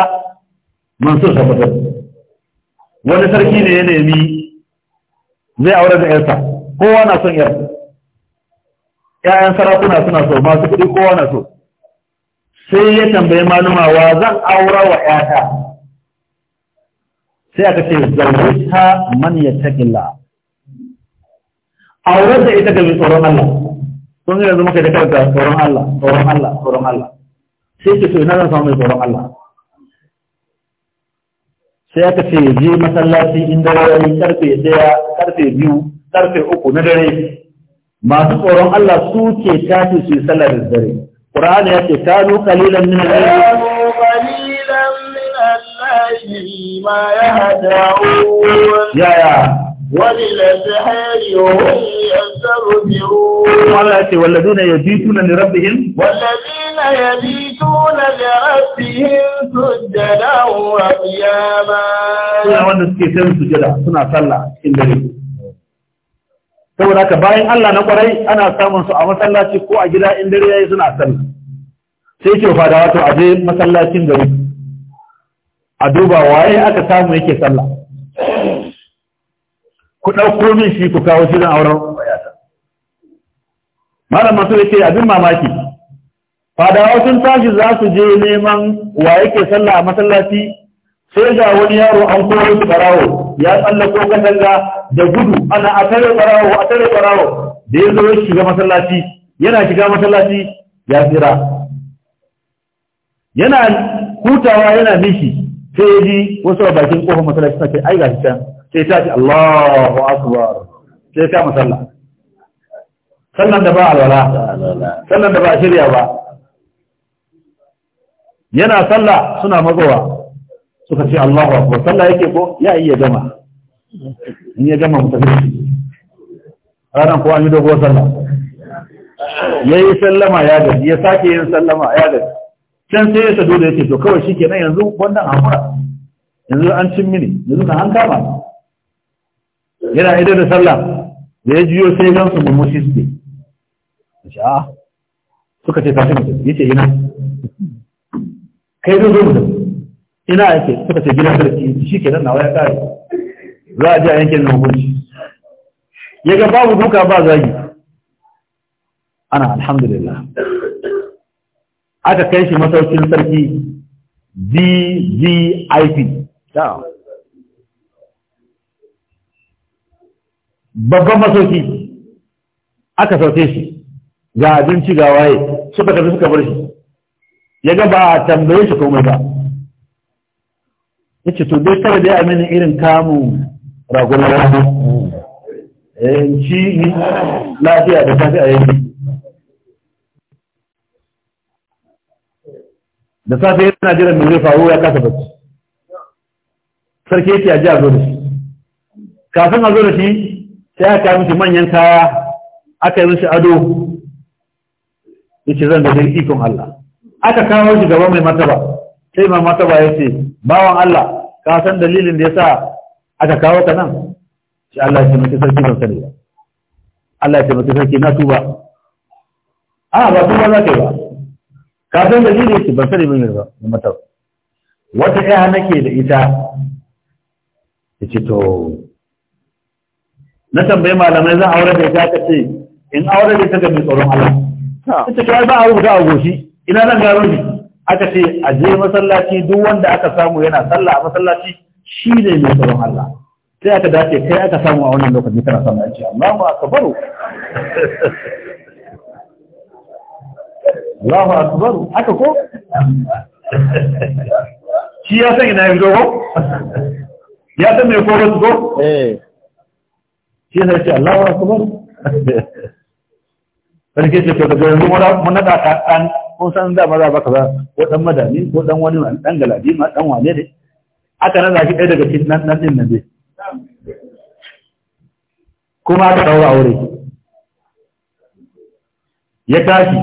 mansur tabbatar wani sarki ne ya nemi zai aure da yarsa kowa na son yarsa ƴaƴan sarakuna suna so masu kuɗi kowa na so sai ya tambayi malumawa zan aura wa ƴata sai aka ce ta man yattaqilla Aure da ita ga tsoron Allah sun yanzu muka da karanta tsoron Allah tsoron Allah tsoron Allah sai ke so ina zan samu mai tsoron Allah sai aka ce ya je masallaci in dare yi karfe daya karfe biyu karfe uku na dare masu tsoron Allah su ke tafi su yi sallar dare Qur'ani ya ce kanu qalilan min al-layli ma yahda'un ya ya وللأسحار هم يستغفرون الله يقول والذين يبيتون لربهم يبيتون لربهم سجدا وقياما suna wanda suke sai sujada suna sallah cikin dare saboda haka bayan Allah na kwarai ana samun su a masallaci ko a gida in dare yayi suna sallah sai ke fada wato a je masallacin gari a duba waye aka samu yake sallah ku ɗauko min shi ku kawo shi zan auren mayata malam masu yake abin mamaki fadawa sun tashi za su je neman wa yake sallah a masallaci sai ga wani yaro an koyo su barawo ya tsallako katanga da gudu ana a tare barawo a tare barawo da ya zo ya shiga masallaci yana shiga masallaci ya tsira yana hutawa yana nishi sai ya ji wasu a bakin kofar masallaci sai ai gashi can sai ta ce Allahu akbar sai ta masalla sannan da ba alwala sannan da ba shirya ba yana sallah suna magowa suka ce Allahu akbar sallah yake ko ya iya gama in ya gama mutafi ranar ko an yi dogo sallah ya yi sallama ya gaji ya sake yin sallama ya gaji can sai ya sado da yake to kawai shi kenan yanzu wannan hamura yanzu an cin mini yanzu ka an kama yana ido da sallah da ya jiyo sai gan su murmushi suke ah. suka ce tashi ce yace yana kai zo zo ina yake suka ce gidan sarki shi ke nan nawa ya kare za a ji a yankin nan hukunci ya ga babu duka ba zagi ana alhamdulillah aka kai shi masaukin sarki VVIP babban masauki aka sauke shi ga abinci ga waye suka tafi suka bar shi ya ga ba a tambaye shi komai ba ya ce to dai kawai dai a mini irin kamun ragunan ragu ci eh, lafiya da tafi a yanki da safe yana jiran mai zai faru ya kasa bacci sarki yake a ji a zo da shi kafin a zo da shi sai aka mishi manyan kaya aka yi mishi ado yace zan da ikon Allah aka kawo shi gaba mai mataba sai mai mataba ya ce bawan Allah ka san dalilin da ya sa aka kawo ka nan shi Allah ya taimaki sarki ban sani ba Allah ya taimaki sarki na tuba a ba tuba za ka yi ba ka san dalilin shi ban sani ba mai mataba wata ɗaya nake da ita ya ce to na tambayi malamai zan aure da ita ka ce in aure da ita ga mai tsoron Allah ita ta ba a rubuta a goshi ina zan gano ne aka ce a je masallaci duk wanda aka samu yana sallah a masallaci shi ne mai tsaron Allah sai aka dace kai aka samu a wannan lokaci kana sallah ce Allahu akbar Allahu akbar aka ko shi ya san ina ya fito ko ya san ba su ko eh shi ne ce Allahu akbar Sarki ce to daga yanzu mun naɗa ka kun san da maza baka ba ko dan madani ko dan wani dan galabi ma dan wane ne aka nan zaki ɗaya daga cikin nan din nan dai kuma aka daura aure ya tashi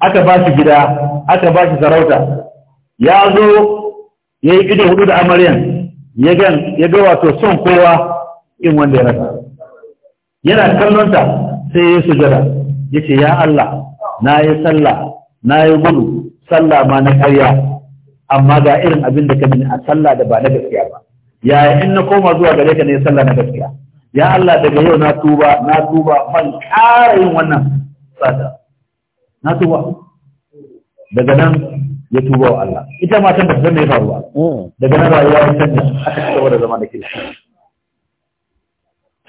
aka ba shi gida aka ba shi sarauta ya zo ya yi ido hudu da amaryan ya ga wato son kowa in wanda ya rasa yana kallonta sai ya sujada ya ce ya Allah na yi sallah na yi gudu sallah ma na karya amma ga irin abin da ka mini a sallah da ba na gaskiya ba ya in na koma zuwa gare ka ne sallah na gaskiya ya Allah daga yau na tuba na tuba ban ƙara yin wannan sada na tuba daga nan ya tuba wa Allah ita matan ba ta san me faruwa daga nan rayuwa ta sanya aka ci gaba da zama da kirki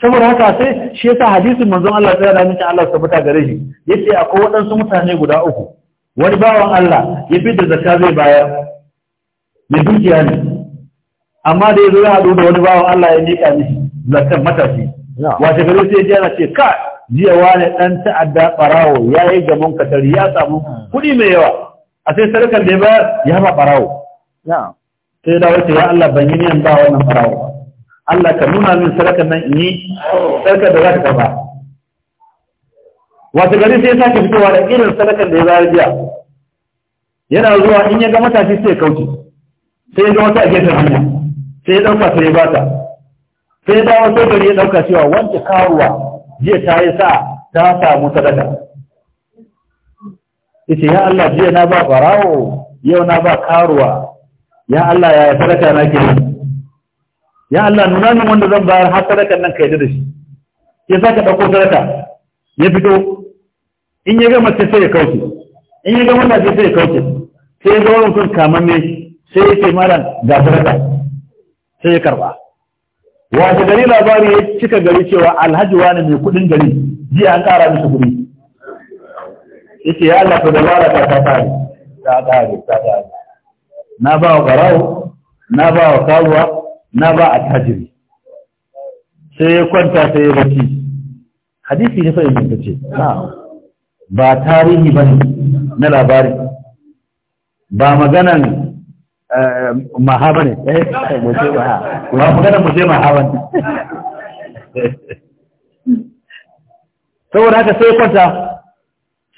saboda haka sai shi yasa hadisin manzon Allah sai ya da miki Allah subhanahu wa ta'ala gare shi yace akwai waɗansu mutane guda uku wani bawan Allah ya fi da zaka zai baya, ya dukiya ne amma da ya zo ya haɗu da wani bawan Allah ya miƙa mishi zakkan matashi wace gari sai ya ce ka jiya wani ɗan ta'adda ɓarawo ya yi gamon katari ya samu kuɗi mai yawa a sai sarkar da ya bayar ya haɓa ɓarawo sai da wata ya Allah ban yi niyan ba wannan ɓarawo Allah ka nuna min sarkar nan in yi sarkar da za ta karɓa wata gari sai ya sake fitowa da irin sadakar da ya bayar jiya yana zuwa in ya ga matashi sai ya kauce sai ya ga wata a gefen hanya sai ya ɗauka sai ya bata sai ya dawo sai gari ya ɗauka cewa wanda karuwa jiya ta yi sa ta samu sadaka ita ya Allah jiya na ba barawo yau na ba karuwa ya Allah ya sadaka na ke ya Allah nuna min wanda zan bayar har sadakan nan ka yi da shi ya ka ɗauko sadaka ya fito in ya ga mace sai ya kauce in ya gama mace sai ya kauce sai ya ga wani mutum kamamme sai ya ce mara ga sadaka sai ya karba wata gari labari ya cika gari cewa alhaji wani mai kudin gari jiya an kara mishi kudi yace ya Allah ka dabara ta ta tare ta tare ta tare na ba wa garau na ba wa kawuwa na ba a tajiri sai ya kwanta sai ya bacci hadisi ne fa ingantacce na'am ba tarihi ba ne na labari ba maganan eh, mahaba ne eh, ba maganan muje mahaba ne saboda haka sai kwanta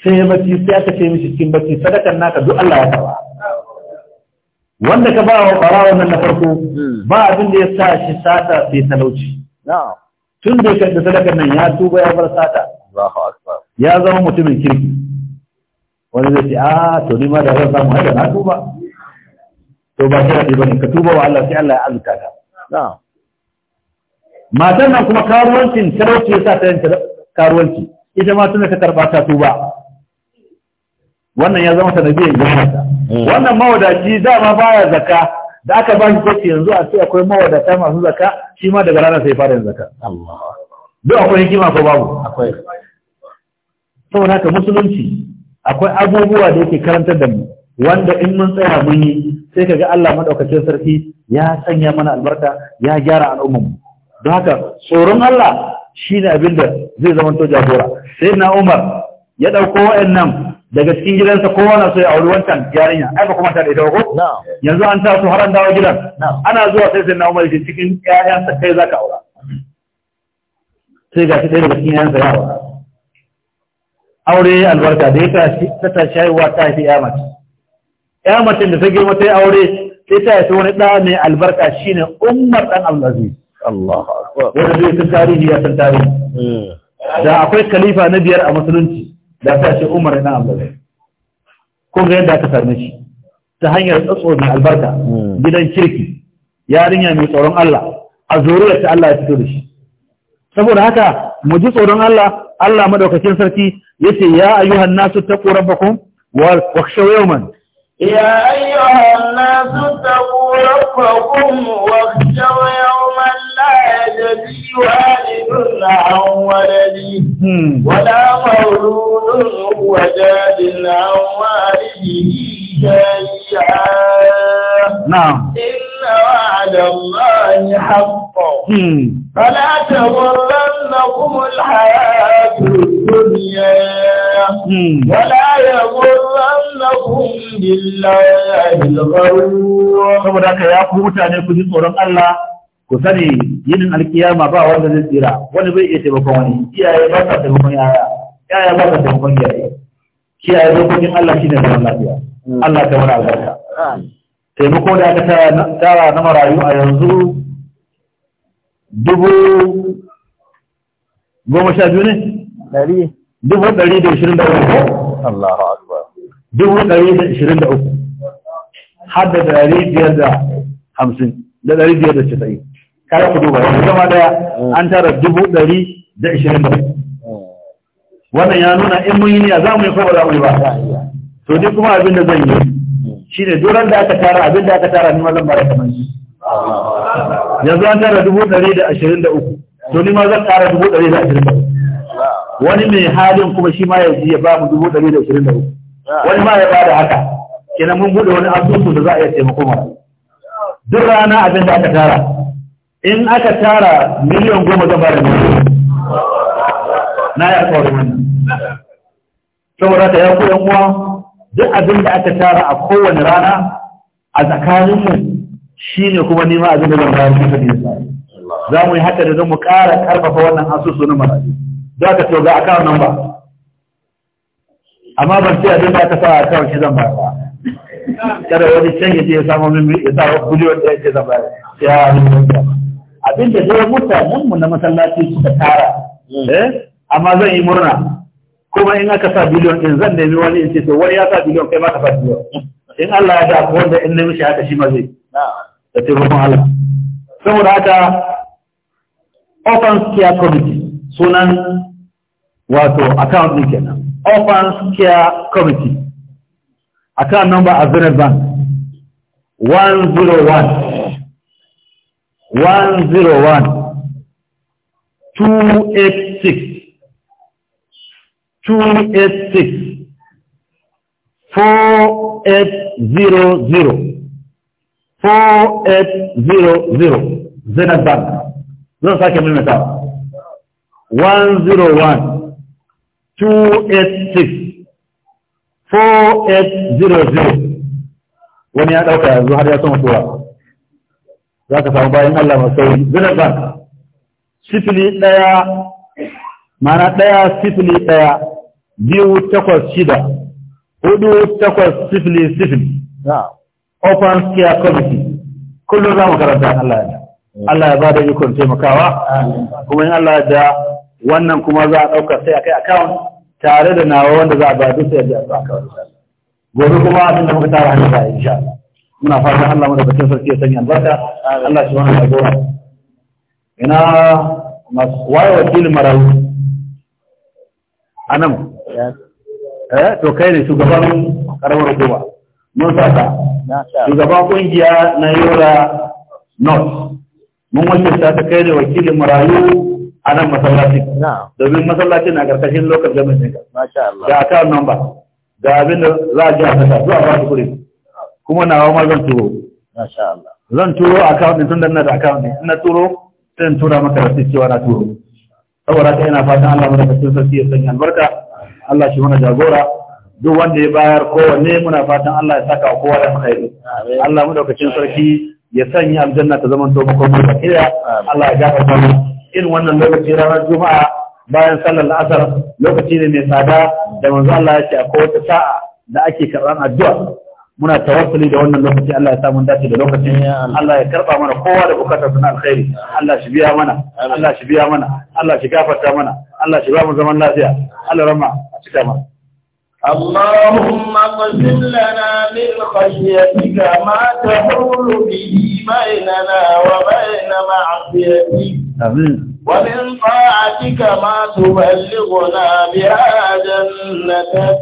sai ya mace sai aka ce mishi cikin bacci sadakan naka duk Allah ya karba wanda ka ba wa ɓara wannan na farko ba abin da ya sa shi sata sai talauci tun da ya sadakar nan ya tuba ya bar sata ya zama mutumin kirki wani zai ce ah to ni ma da zan samu hada na tuba to ba shi ne bane ka tuba wa Allah sai Allah ya azuta ka matan nan kuma karuwancin talauci sa ta yanke karuwanci ita ma tana ta karba ta tuba wannan ya zama sanadiyar jihata hmm. wannan mawadaci dama baya zaka da aka ba shi kwaci yanzu a ce akwai mawadata masu zaka shi ma daga ranar sai fara yin zaka duk akwai hikima ko babu akwai saboda haka musulunci akwai abubuwa da yake karantar da mu wanda in mun tsaya mun yi sai kaga Allah madaukakin sarki ya sanya mana albarka ya gyara al'umman don haka tsoron Allah shine abin da zai zama to jagora sai na Umar ya dauko wayannan daga cikin gidansa kowa na so ya auri wancan yarinya ai ba kuma ta da ko yanzu an taso har an dawo gidan ana zuwa sai sai na Umar cikin ƴaƴansa kai zaka aura sai ga shi daga cikin ƴaƴansa ya aura aure albarka da ya ta ta shayarwa ta haifi ya mace ya mace da ta girma ta yi aure sai ta haifi wani ɗa mai albarka shine ummar ɗan abdulaziz Allah wanda zai san tarihi ya san tarihi hmm. da akwai kalifa na biyar a musulunci da ta shi umar ɗan abdulaziz ko ga yadda aka same shi ta hanyar tsatso mai albarka hmm. gidan kirki yarinya mai tsoron Allah a zuriyar ta Allah ya fito da shi saboda haka mu ji tsoron Allah Allah madaukakin sarki yace ya ayyuhan nasu taqu rabbakum wa wakhshaw yawman ya ayyuhan nasu taqu rabbakum wa wakhshaw yawman la yajzi walidun an waladihi wa la mawludun huwa jadin an walidihi shay'a na'am inna wa'da allahi haqqun fala taghurrannakum al Wala Saboda haka ya ku mutane ku ji tsoron Allah ku sani yinin alkiyama ba wanda zai tsira wani bai iya taimakon wani iyaye ba sa taimakon yaya yaya ba sa taimakon yaya kiyaye dokokin Allah shine zaman lafiya Allah ta wani albarka taimako da aka tara na marayu a yanzu dubu goma sha biyu ne? Dari. dubu ɗari da ishirin da uku dubu ɗari da ishirin da uku har da ɗari biyar da hamsin da ɗari biyar da casa'in kayan ku duba yanzu zama daya an tara dubu ɗari da ishirin da uku wannan ya nuna in mun yi niyya za mu yi ko ba za mu yi ba to ni kuma abin da zan yi shine duran da aka tara abin da aka tara ni ma zan bada kamar shi yanzu an tara dubu ɗari da ashirin da uku to ni ma zan tara dubu ɗari da ashirin da uku wani mai halin kuma shi ma yanzu ya ba mu dubu ɗari da ashirin da hudu wani ma ya ba da haka kenan mun buɗe wani asusu da za a iya taimako mara duk rana abin da aka tara in aka tara miliyan goma zan ba da miliyan na ya kawar wannan saboda ta ya koyan uwa duk abin da aka tara a kowane rana a tsakaninmu shi ne kuma nima abin da zan bayar da za mu yi haka da zan mu ƙara ƙarfafa wannan asusu na marayu za ka to ga account number amma ban ce abin da aka sa account shi zan ba kada wani can ya je ya samu min ya sa biliyon ya ce zan ba ya abin da dai nan mu na masallaci suka tara eh, amma zan yi murna kuma in aka sa biliyon din zan nemi wani in ce to wani ya sa biliyon kai ma ka sa biliyon in Allah ya da wanda in nemi shi haka shi ma zai da taimakon Allah saboda haka offense care committee sunan wato account ne kenan orphans care committee account number a zenith bank 101 101 286 286 4800 4800 zenith bank zan sake mimetawa 4800 wani ya ɗauka yanzu har ya sama tura za ka samu bayan Allah masu sauri zira ba sifili ɗaya mana ɗaya sifili ɗaya biyu takwas shida hudu takwas sifili sifili open scare committee kullum za mu karanta Allah ya Allah ya ba da ikon taimakawa kuma in Allah ya wannan kuma za a ɗauka sai a kai account tare da nawa wanda za a ba duk sai a su gobe kuma abin da muka tara hannu za yi insha muna fatan Allah mu da bakin sarki ya sanya albarka Allah shi wannan jagora ina masu waye wakilin marayu a nan eh to kai ne shugaban karamar hukuma mun sata shugaban kungiya na yura north mun wajen ta kai ne wakilin marayu a nan masallaci domin masallaci na karkashin lokacin jami'in ne ga nan ba ga abin da za a ji a kasa zuwa ba su kuri kuma na ma zan turo zan turo account din tun da ina a account ne ina turo sai tura maka rasu cewa na turo saboda ka yana fatan Allah mana kasin sarki ya sanya albarka Allah shi mana jagora duk wanda ya bayar kowanne muna fatan Allah ya saka kowa da alkhairi Allah mu daukacin sarki ya sanya aljanna ta zama to mu da Allah ya gafarta mu irin wannan lokaci ranar juma'a bayan sallar asar lokaci ne mai tsada da manzo Allah ya ce akwai wata sa'a da ake karɓar addu'a muna tawassuli da wannan lokaci Allah ya sa mun dace da lokacin Allah ya karba mana kowa da bukatar suna alkhairi Allah shi biya mana Allah shi biya mana Allah shi gafarta mana Allah shi ba mu zaman lafiya Allah rama a cika mana اللهم اقسم لنا من خشيتك ما تحول به بيننا وبين معصيتك آمين ومن طاعتك ما تبلغنا بها جنتك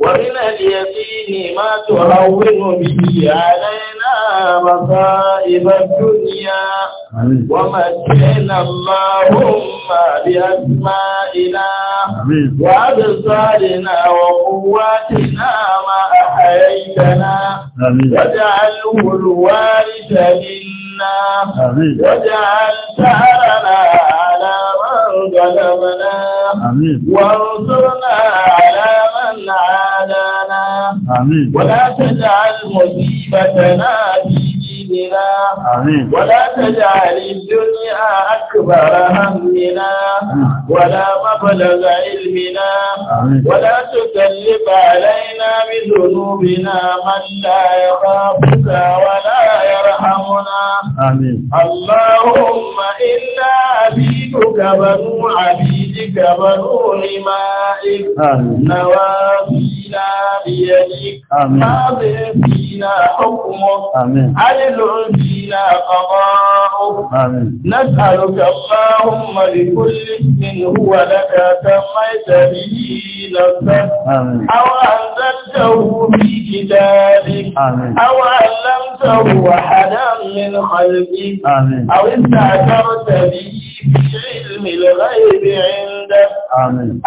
ومن اليقين ما تهون به علينا مصائب الدنيا ومتعنا اللهم بأسمائنا وأبصارنا وقواتنا ما أحييتنا واجعله الوارث منا عنا واجعل ثأرنا على من ظلمنا وانصرنا على من عادانا ولا تجعل مصيبتنا في ديننا ولا تجعل الدنيا أكبر همنا ولا مبلغ علمنا ولا تكلف علينا بذنوبنا من لا يخافك ولا يرحمنا اللهم إنا عبيدك بنو عبيدك بنو نمائك نوافينا بيدك ماض فينا حكمك العلي قضاؤه نسألك اللهم لكل اسم هو لك سميت به نفسك أو أنزلته في كتابك أو علمته أحدا من خلقك أو استأثرت به في علم الغيب عندك أن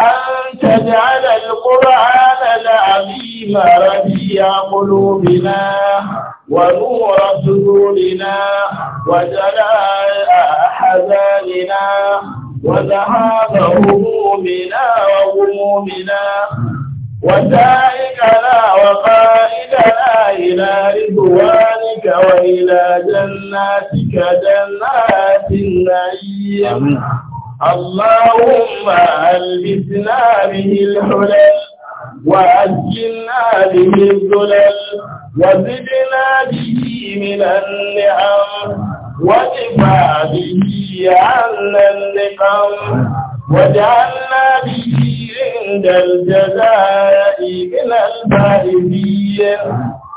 تجعل القرآن العظيم ربيع قلوبنا ونور صدورنا وجلاء أحزاننا وذهاب همومنا وغمومنا وسائقنا وقائدنا إلى رضوانك وإلى جناتك جنات النعيم اللهم ألبسنا به الحلل وأسجنا به الذلل وزدنا به من النعم ودفع به عنا النقم واجعلنا به عند الجزاء من الفائزين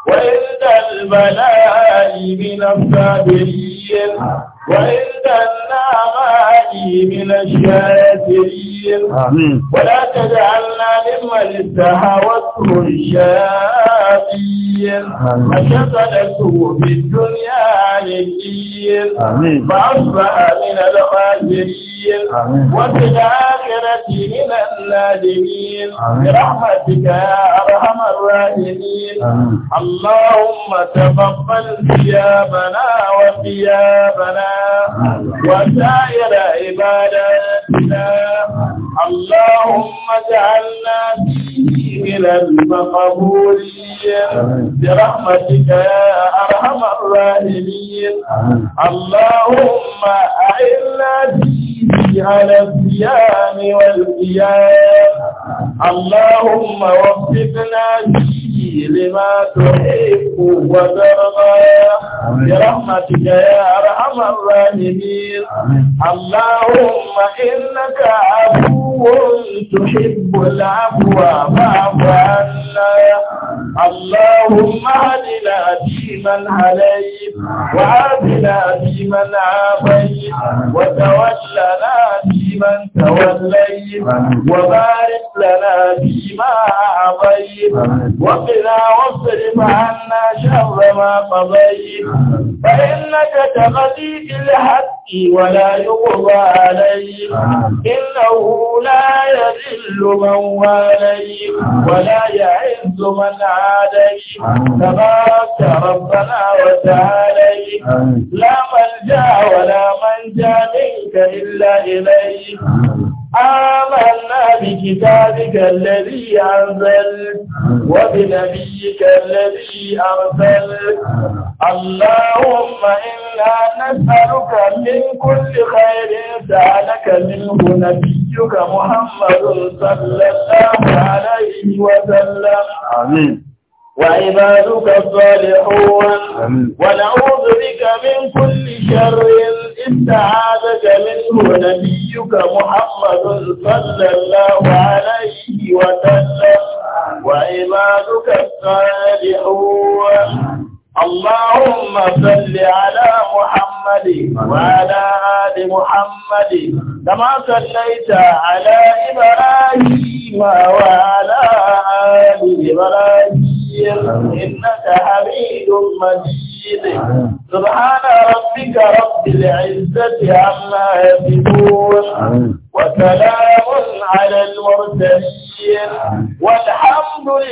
وعند البلاء من الصابرين وإن النعماء من الشاكرين ولا تجعلنا لمن استهوته الشافين فشغلته في الدنيا عن فأصبح من الخاسرين وفي الآخرة من النادمين برحمتك يا أرحم الراحمين اللهم تقبل ثيابنا وثيابنا وسائر عباداتنا اللهم اجعلنا فيه من المقبولين برحمتك يا أرحم الراحمين اللهم أعنا فيه على الصيام والقيام اللهم وفقنا لما تحب وترضى برحمتك يا أرحم الراحمين اللهم إنك عفو تحب العفو فاعف عنا اللهم اهدنا فيمن عليك وعافنا فيمن عافيت وتولنا فيمن من توليت وبارك لنا فيما أعطيت وقنا واصرف عنا شر ما قضيت فإنك تقضي بالحق ولا يقضى عليك إنه لا يذل من واليك ولا يعز من عاديك تبارك ربنا وتعاليك لا ملجأ ولا منجا منك إلا إليك آمنا بكتابك الذي أنزل وبنبيك الذي أرسل اللهم إنا نسألك من كل خير سألك منه نبيك محمد صلى الله عليه وسلم آمين وعبادك الصالحون ونعوذ بك من كل شر استعاذك منه نبيك محمد صلى الله عليه وسلم وعبادك الصالحون اللهم صل على محمد وعلى آل محمد كما صليت على إبراهيم وعلى آل إبراهيم إنك حميد مجيد سبحان ربك رب العزة عما يصفون وسلام على المرسلين والحمد لله